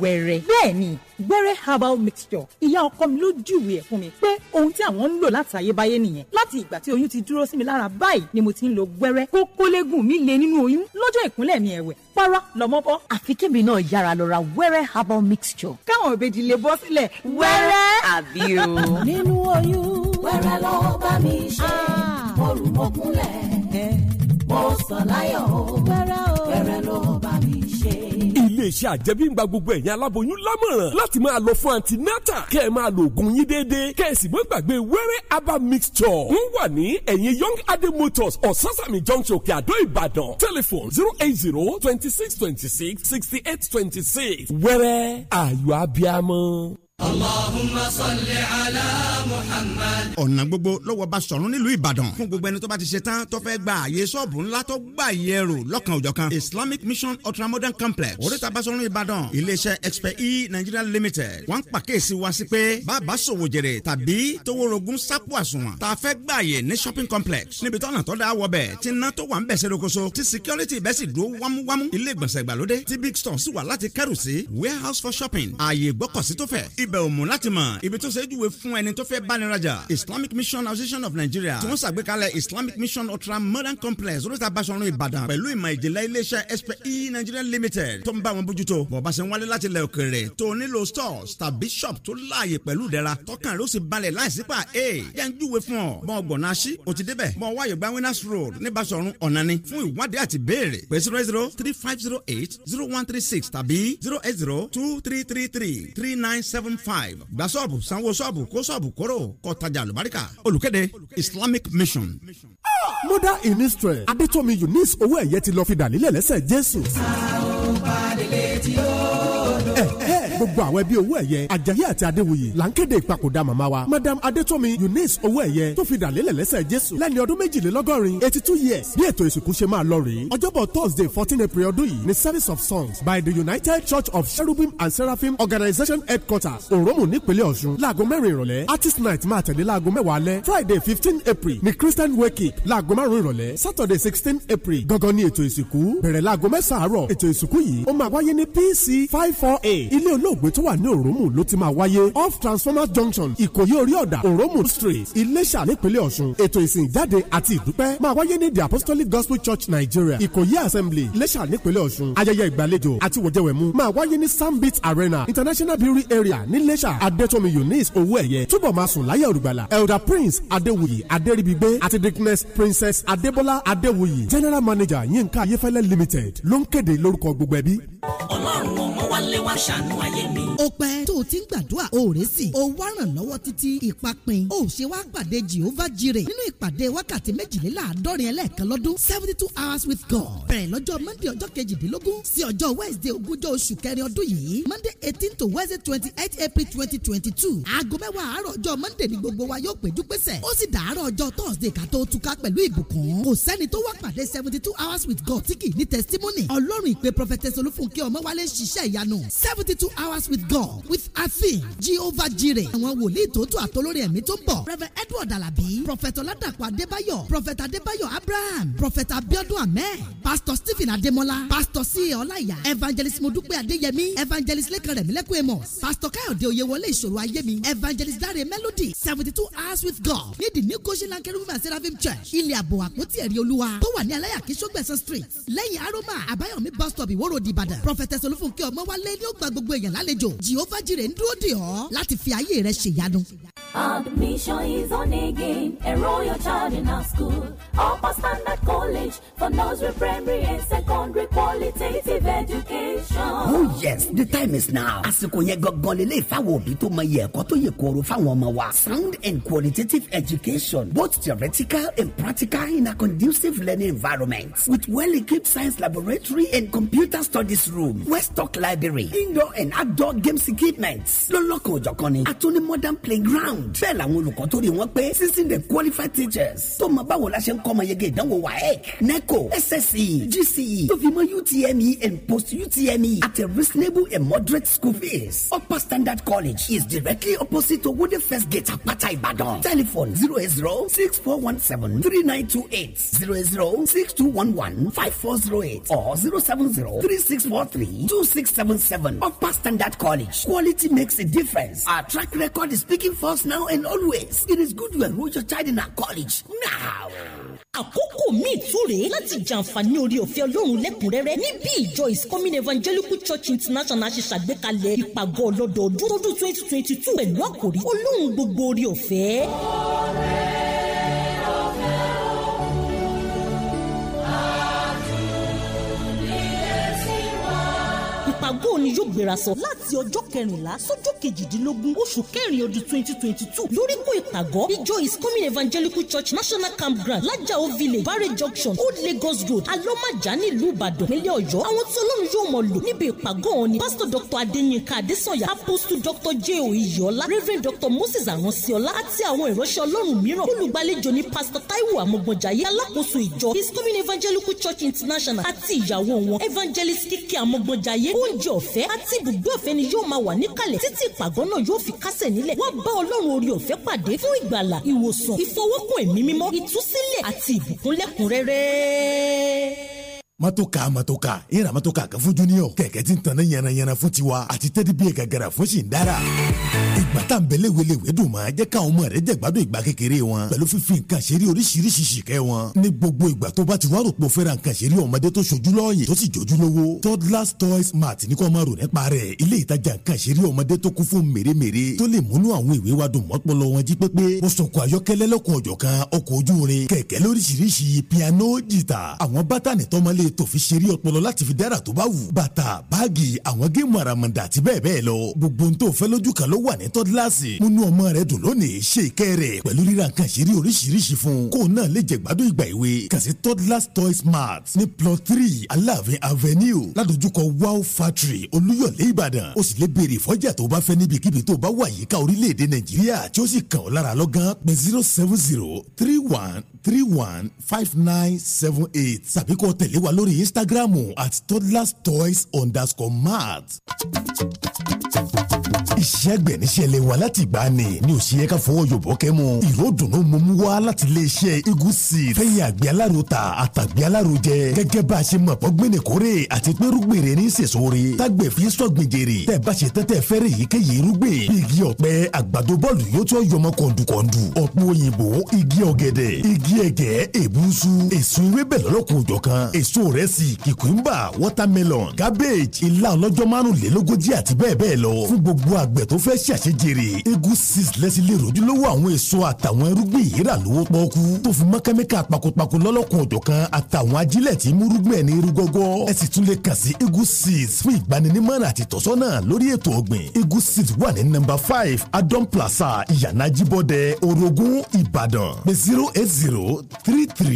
wẹ́rẹ́. bẹ́ẹ̀ ni wẹ́rẹ́ herbal mixture ìyá ọkọ mi ló júwe ẹ̀ fún mi pé ohun tí àwọn ń lò láti ayébáyé nìyẹn láti ìgbà tí oyún ti dúró sí mi lára báyìí ni mo ti ń lo wẹ́rẹ́ kókólégùn mi lè nínú oyún lọ́jọ́ ìkúnlẹ̀ mi ẹ̀wẹ̀ para lọ́mọ bọ́. àfi kébì náà yára lọ ra wẹ́rẹ́ herbal mixture. káwọn òbejì lè bọ́ sílẹ̀ wẹ́rẹ́. àbí o. nínú oyún wẹ́rẹ́ lọ́ọ́ bá mi ṣe ah. mo rù mọ́kúnlẹ̀ mo sọ láyọ̀ o rẹ́rẹ́ o rẹ́rẹ́ iléeṣẹ́ àjẹbí gbogbo ẹ̀yin aláboyún lámọ̀ràn láti máa lọ fún antinata kẹ́ ẹ̀ máa lo oògùn yín déédéé kẹ́ ẹ̀ sì mọ́ gbàgbé wẹ́rẹ́ herbal mixture ń wà ní ẹ̀yìn young adé motors ososami junction kíadó ìbàdàn telephone zero eight zero twenty six twenty six sixty eight twenty six wẹ́rẹ́ ayọ̀ abiamọ. Allahumma salli ala Muhammad. ọ̀nà gbogbo lọ́wọ́ bá sọ̀rọ̀ nílùú Ìbàdàn fún gbogbo ẹni tó bá ti ṣe tán tó fẹ́ gba àyè sọ́ọ̀bù ńlá tó gbà yẹ rò lọ́kàn òjọ̀ Islamic Mission Ultramodern Complex oríta basọ̀rọ̀ Ìbàdàn iléeṣẹ́ expert e Nigeria Limited wọ́n ń pàkíyèsí wa sí pé bàbá sòwò jèrè tàbí toworogun sápò àsùnwọ̀n tá a fẹ́ gba àyè ní shopping complex níbi tọ́nà tó dá wọ bẹ̀ tí iná tó wà ń bẹ̀ ṣe rokoṣo tí security bẹ́ẹ̀ sì dúró wámúwámú ilé ìgbọ̀nsẹ̀ ibẹ̀ ò láti mọ̀ ibi tó ṣe é júwe fún ẹni tó fẹ́ báni rajà islamic mission association of nigeria tí wọ́n ṣàgbékalẹ̀ islamic mission ultra modern complex oríta basọ̀run ìbàdàn pẹ̀lú ìmọ̀ ìjìnlẹ̀ iléeṣẹ́ spe nigeria limited tó ń bá wọn bójútó bọ̀bá ṣe ń wálé láti ilẹ̀ òkèèrè tó nílò stores tàbí shop tó láàyè pẹ̀lú ìdẹ́ra tọkàn rẹ ó sì balẹ̀ láìsí pa e yẹn júwe fún ọ bọ́n ọgbọ̀nà aṣí o ti débẹ̀ bọ́n wáyé gba winners road ní basọ̀run ọ̀nani fún ìwádìí àti béèrè pé zero zero three five zero eight zero one three six tàbí zero eight zero two three three three three nine seven five gba sọ́ọ̀bù sanwó sọ́ọ̀bù kó sọ́ọ̀bù kóró kọ́ lùbáríkà olùkéde Islamic Mission. mother in history adétọ́mi eunice owó ẹ̀yẹ ti lọ fi dà nílẹ̀ lẹ́sẹ̀ jésù. sáà ó bá délé tí ó gbogbo àwọn ẹbí owó ẹ̀yẹ àjàyí àti adéwuyè là ń kéde ìpapòdà màmá wa madam adétọ́mi eunice owó ẹ̀yẹ tó fi dàlélẹ̀ lẹ́sẹ̀ jésù lẹ́ni ọdún méjìlélọ́gọ́rin eighty two years bí ètò ìsìnkú ṣe máa lọ rèé ọjọ́bọ̀ thursday fourteen april ọdún yìí ni service of songs by the united church of cherubim and seraphim organization headquarters òrómù nípínlẹ̀ ọ̀ṣun láago mẹ́rin ìrọ̀lẹ́ artist night máa tẹ̀lé láago mẹ́wàá alẹ́ friday fifteen april ni christian wake up láago márùn ìrọ̀lẹ́ saturday sixteen april gangan ni ètò ìsìnkú bẹ̀rẹ̀ láago mẹ́sàn-án àárọ̀ ètò ìsìnkú yìí ó máa wáyé ní pc five four eight ilé olóògùn olóògbé tó wà ní òrómù ló ti máa wáyé off transformer junction ìkòyí orí ọ̀dà òrómù street iléṣà nípínlẹ̀ ọ̀ṣun ètò ìsìn ìjáde àti ìdúpẹ́ máa wáyé ní the apostolic gospel church nigeria ìkòyí assembly iléṣà nípínlẹ̀ ọ̀ṣun ayẹyẹ ìgbàlejò àti wọ̀jẹ̀wẹ̀mú máa wáyé ní sambit arena international brewery area níléṣà adétomi eunice owó ẹ̀yẹ túbọ̀ máa sùn láyé olùgbàlà elder prince adéwuyì adéribigbe àti dickness princess adébọ́lá adéwuyì general manager Yinka ayéfẹ́lẹ́ limited ló ń kéde lórúkọ gbogbo ẹbí. ọlọ́run ọmọ wálé wá ṣàánú ayé ayé mi. ó pẹ́ tó o ti ń gbàdúrà o rè sí o wá ràn lọ́wọ́ títí ìpapin o ṣe wá pàdé Jehovah Jireh nínú ìpàdé wákàtí méjìléláàádọ́rin ẹlẹ́ẹ̀kan lọ́dún seventy two hours with God bẹ̀rẹ̀ lọ́jọ́ Monday ọjọ́ kejìdínlógún sí ọjọ́ Wednesday ogúnjọ́ oṣù kẹrin ọdún yìí Monday eighteen to Wednesday twenty eight April twenty twenty two aago mẹ́wàá àárọ̀ ọjọ́ Monday ni gbogbo wa yóò péjú pésẹ̀ ó sì dàárọ̀ ọjọ́ Thursday ká tó túká pẹ̀lú ìbùkún kò sẹ́ni tó wá pàdé seventy two hours with God tí kì í ní testimony ọlọ́run ìpè prophetess olúfúnkẹ́ ọmọ wálé ṣiṣẹ́ ìyanu seventy two hours with God with asin Jehovah Jireh àwọn wòlíì tó tù àtolórí ẹ̀mí tó ń bọ̀ Reverend Edward Alabi Prophet Ọládàpọ̀ Adébáyọ̀ Prophet Adébáyọ̀ Abraham Prophet Abiodun Ahmed Pastor Stephen Ademola, Pastor C. Ọláyà Evangelist Modúpẹ́ Adéyẹmí Evangelist Lékan Rẹ̀mílẹ́kùn Amos Pastor Kayode Oyèwọlé Ìṣòro Ayémi Evangelist Dare Melody seventy two hours with God ní the new Goshen Land Kerubim and Seraphim Church ilẹ̀ àbò àpótí ẹ̀rí olúwa tó wà ní aláyàkí sọ́gbẹ̀sán street lẹ́yìn aroma àbáyọ̀mí bus stop ìwóró ìbàdàn Prophet Olúfúnkẹ́ Ọmọwálé ni ó gba gbogbo èèyàn lálejò Jehovah jire ń dúró dè ọ́ láti fi ayé rẹ ṣèyanu. Admission is on again. Enroll your child in our school. Upper Standard College for nursery, primary, and secondary qualitative education. Oh yes, the time is now. Àsìkò yẹn gangan lélẹ̀ ìfáwọ̀ òbí tó mọ iye ẹ̀kọ́ tó yẹ kóró fáwọn ọmọ wa. Sound and qualitative education, both theoretical and practical in a conducive learning environment with well-equipped science laboratory and computer studies room, Westock Library, indoor and outdoor outdoor games equipment lọ́lọ́kan òjọ̀kan ni àtúní modern playground bẹ́ẹ̀ làwọn olùkọ́ tó rí wọn pé sísìn the qualified teachers tó mọ báwo la ṣe ń kọ́ ọmọ yege ìdánwò waec neco SSE gce tó fi mọ utme and post utme at a reasonable and moderate school fees upper standard college is directly opposite to wode first gate apata ibadan telephone zero eight zero six four one seven three nine two eight zero eight zero six two one one five four zero eight or zero seven zero three six four three two six seven seven upper standard. that college. Quality makes a difference. Our track record is speaking for us now and always. It is good you enroll your child in our college now. àkókò míì tún rèé láti jàǹfààní orí ọ̀fẹ́ ọlọ́run lẹ́kùnrẹ́rẹ́ níbi ìjọ iscomin evangelical church international ṣe ṣàgbékalẹ̀ ìpàgọ́ ọlọ́dọọdún do twenty two pẹ̀lú àkòrí olóhùn gbogbo orí ọ̀fẹ́. ọ̀rẹ́ àgọ́ ni yóò gbéra sọ láti ọjọ́ kẹrìnlá sọ́jọ́ kejìdínlógún oṣù kẹrin ọdún twenty twenty two lóríkó ìpàgọ́ ìjọ is coming evangelical church national campground lájàó village barre junction old lagos road alọ́màjà nílùú ìbàdàn nílẹ̀ ọ̀yọ́ àwọn tí ọlọ́run yóò mọ̀ lò níbi ìpàgọ́ wọn ni Pastor dr adéyinka adésànyà apostle dr j o iyọ́lá reverend dr moses aransiola àti àwọn ìránṣẹ́ ọlọ́run mìíràn olùgbàlejò ni Pastor taiwo amọ̀gbọ̀njayé alákòóso ìjọ is coming evangelical church international àti ìyàwó wọn evangelist kíkẹ́ amọ̀gbọ̀njayé oúnj oúnjẹ ọ̀fẹ́ àti ibùgbé ọ̀fẹ́ ni yóò máa wà níkàlẹ̀ títí ìpàgọ́ náà yóò fi kásẹ̀ nílẹ̀ wọ́n bá ọlọ́run orí ọ̀fẹ́ pàdé fún ìgbàlà ìwòsàn ìfọwọ́kùn ẹ̀mí mímọ́ ìtúsílẹ̀ àti ìbùkún lẹ́kùnrẹ́rẹ́ matoka matoka n matoka ka fún junior kẹ̀kẹ́ tí n tana yànnayànna fún tiwa àti tẹ́tí bí yẹ fún si n dara tàǹbẹ̀lẹ̀ welewe dùn máa jẹ́ káwọn ọmọ rẹ̀ jẹ̀gbádùn ìgbà kékeré wọn pẹ̀lú fífi nǹkan ṣeré oríṣiríṣi ṣìkẹ́ wọn ní gbogbo ìgbà tó bá ti wá rògbò fẹ́ra nǹkan ṣeré ọmọdé tó ṣojú lọ́ọ̀yìn tó sì jójú lówó toddlers toys mart ní kò máa rò nípa rẹ̀ ilé ìtajà nǹkan ṣeré ọmọdé tó kún fún mèremère tó lè múnú àwọn ìwé wa dùn mọ́pọlọ wọn jí pépé bọ́sọ̀kọ̀ ayọ́kẹ́lẹ́ piano jìtà àwọn bátà nìtọ́mọlé tó fi ṣeré ọpọlọ láti fi dára tó bá wù bàtà báàgì àwọn géèmù àràmàǹdà àti bẹ́ẹ̀ bẹ́ẹ̀ lọ gbogbo gíláàsì múnú ọmọ rẹ dùn lónìí ṣe ìkẹ́ rẹ̀ pẹ̀lú ríra nǹkan ṣeré oríṣiríṣi fún kó náà lè jẹ gbádùn ìgbà ìwé kàn sí toddlers toy smart ní plot three aláàfin avenue ládojúkọ wow factory olúyọ̀lé ìbàdàn ó sì lè béèrè fọ́jà tó bá fẹ́ níbikíbi tó bá wà yíká orílẹ̀-èdè nàìjíríà tí ó sì kàn ọ́ lára lọ́gán pé zero seven zero three one three one five nine seven eight tàbí kó tẹ̀lé wa lórí instagram at toddlers toys underscore mart iṣẹ́ àgbẹ̀ níṣẹ́ lè wa láti gbà ni ni ò ṣe yẹ ká fọwọ́ yòbọ̀ kẹ́ mu. ìró dùnú mo mú wá láti lè ṣe igun sí i. fẹ́yìn àgbẹ̀ aláró ta àtàgbẹ̀ aláró jẹ. gẹ́gẹ́ bá a ṣe mọ̀ pọ́ gbẹ̀nẹ̀ kórè àti pé rúgbèrè ní sèṣore. tágbẹ̀ fi sọ́gbìn jèrè. tẹ́ bá ṣe tẹ́tẹ́ fẹ́rẹ̀ yìí kéye rúgbìn. igi ọ̀pẹ àgbàdo bọ́ọ̀lù yóò tún yọmọ kọ̀ǹdùkọ̀ǹdù. igi ọ̀gẹ̀dẹ̀ igi ẹ̀gẹ́ èbúsú. èso ewébẹ̀ lọ́lọ́kùn òjọ̀ kan. èso watermelon cabbage ilá ọlọ́jọ́ márùnlélógójì àti bẹ́ẹ̀ àgbẹ̀ tó fẹ́ ṣàṣejèrè egu six lẹ́sílẹ̀ rojúlówó àwọn èso àtàwọn irúgbìn yìí rà lówó pọ́ọ́kú tó fi mọ́ kẹ́míkà pakopako lọ́lọ́kan òjọ̀kan àtàwọn ajílẹ̀ tí mú ẹni irú ẹ sì tún lè kàn sí egu fún ìgbaninímọ̀ràn àti ìtọ́sọ́nà lórí ètò ọ̀gbìn egu wà ní nọ́mbà five Adam plaza ìyànà jíbọ̀dẹ orogún ìbàdàn pé zero eight zero three three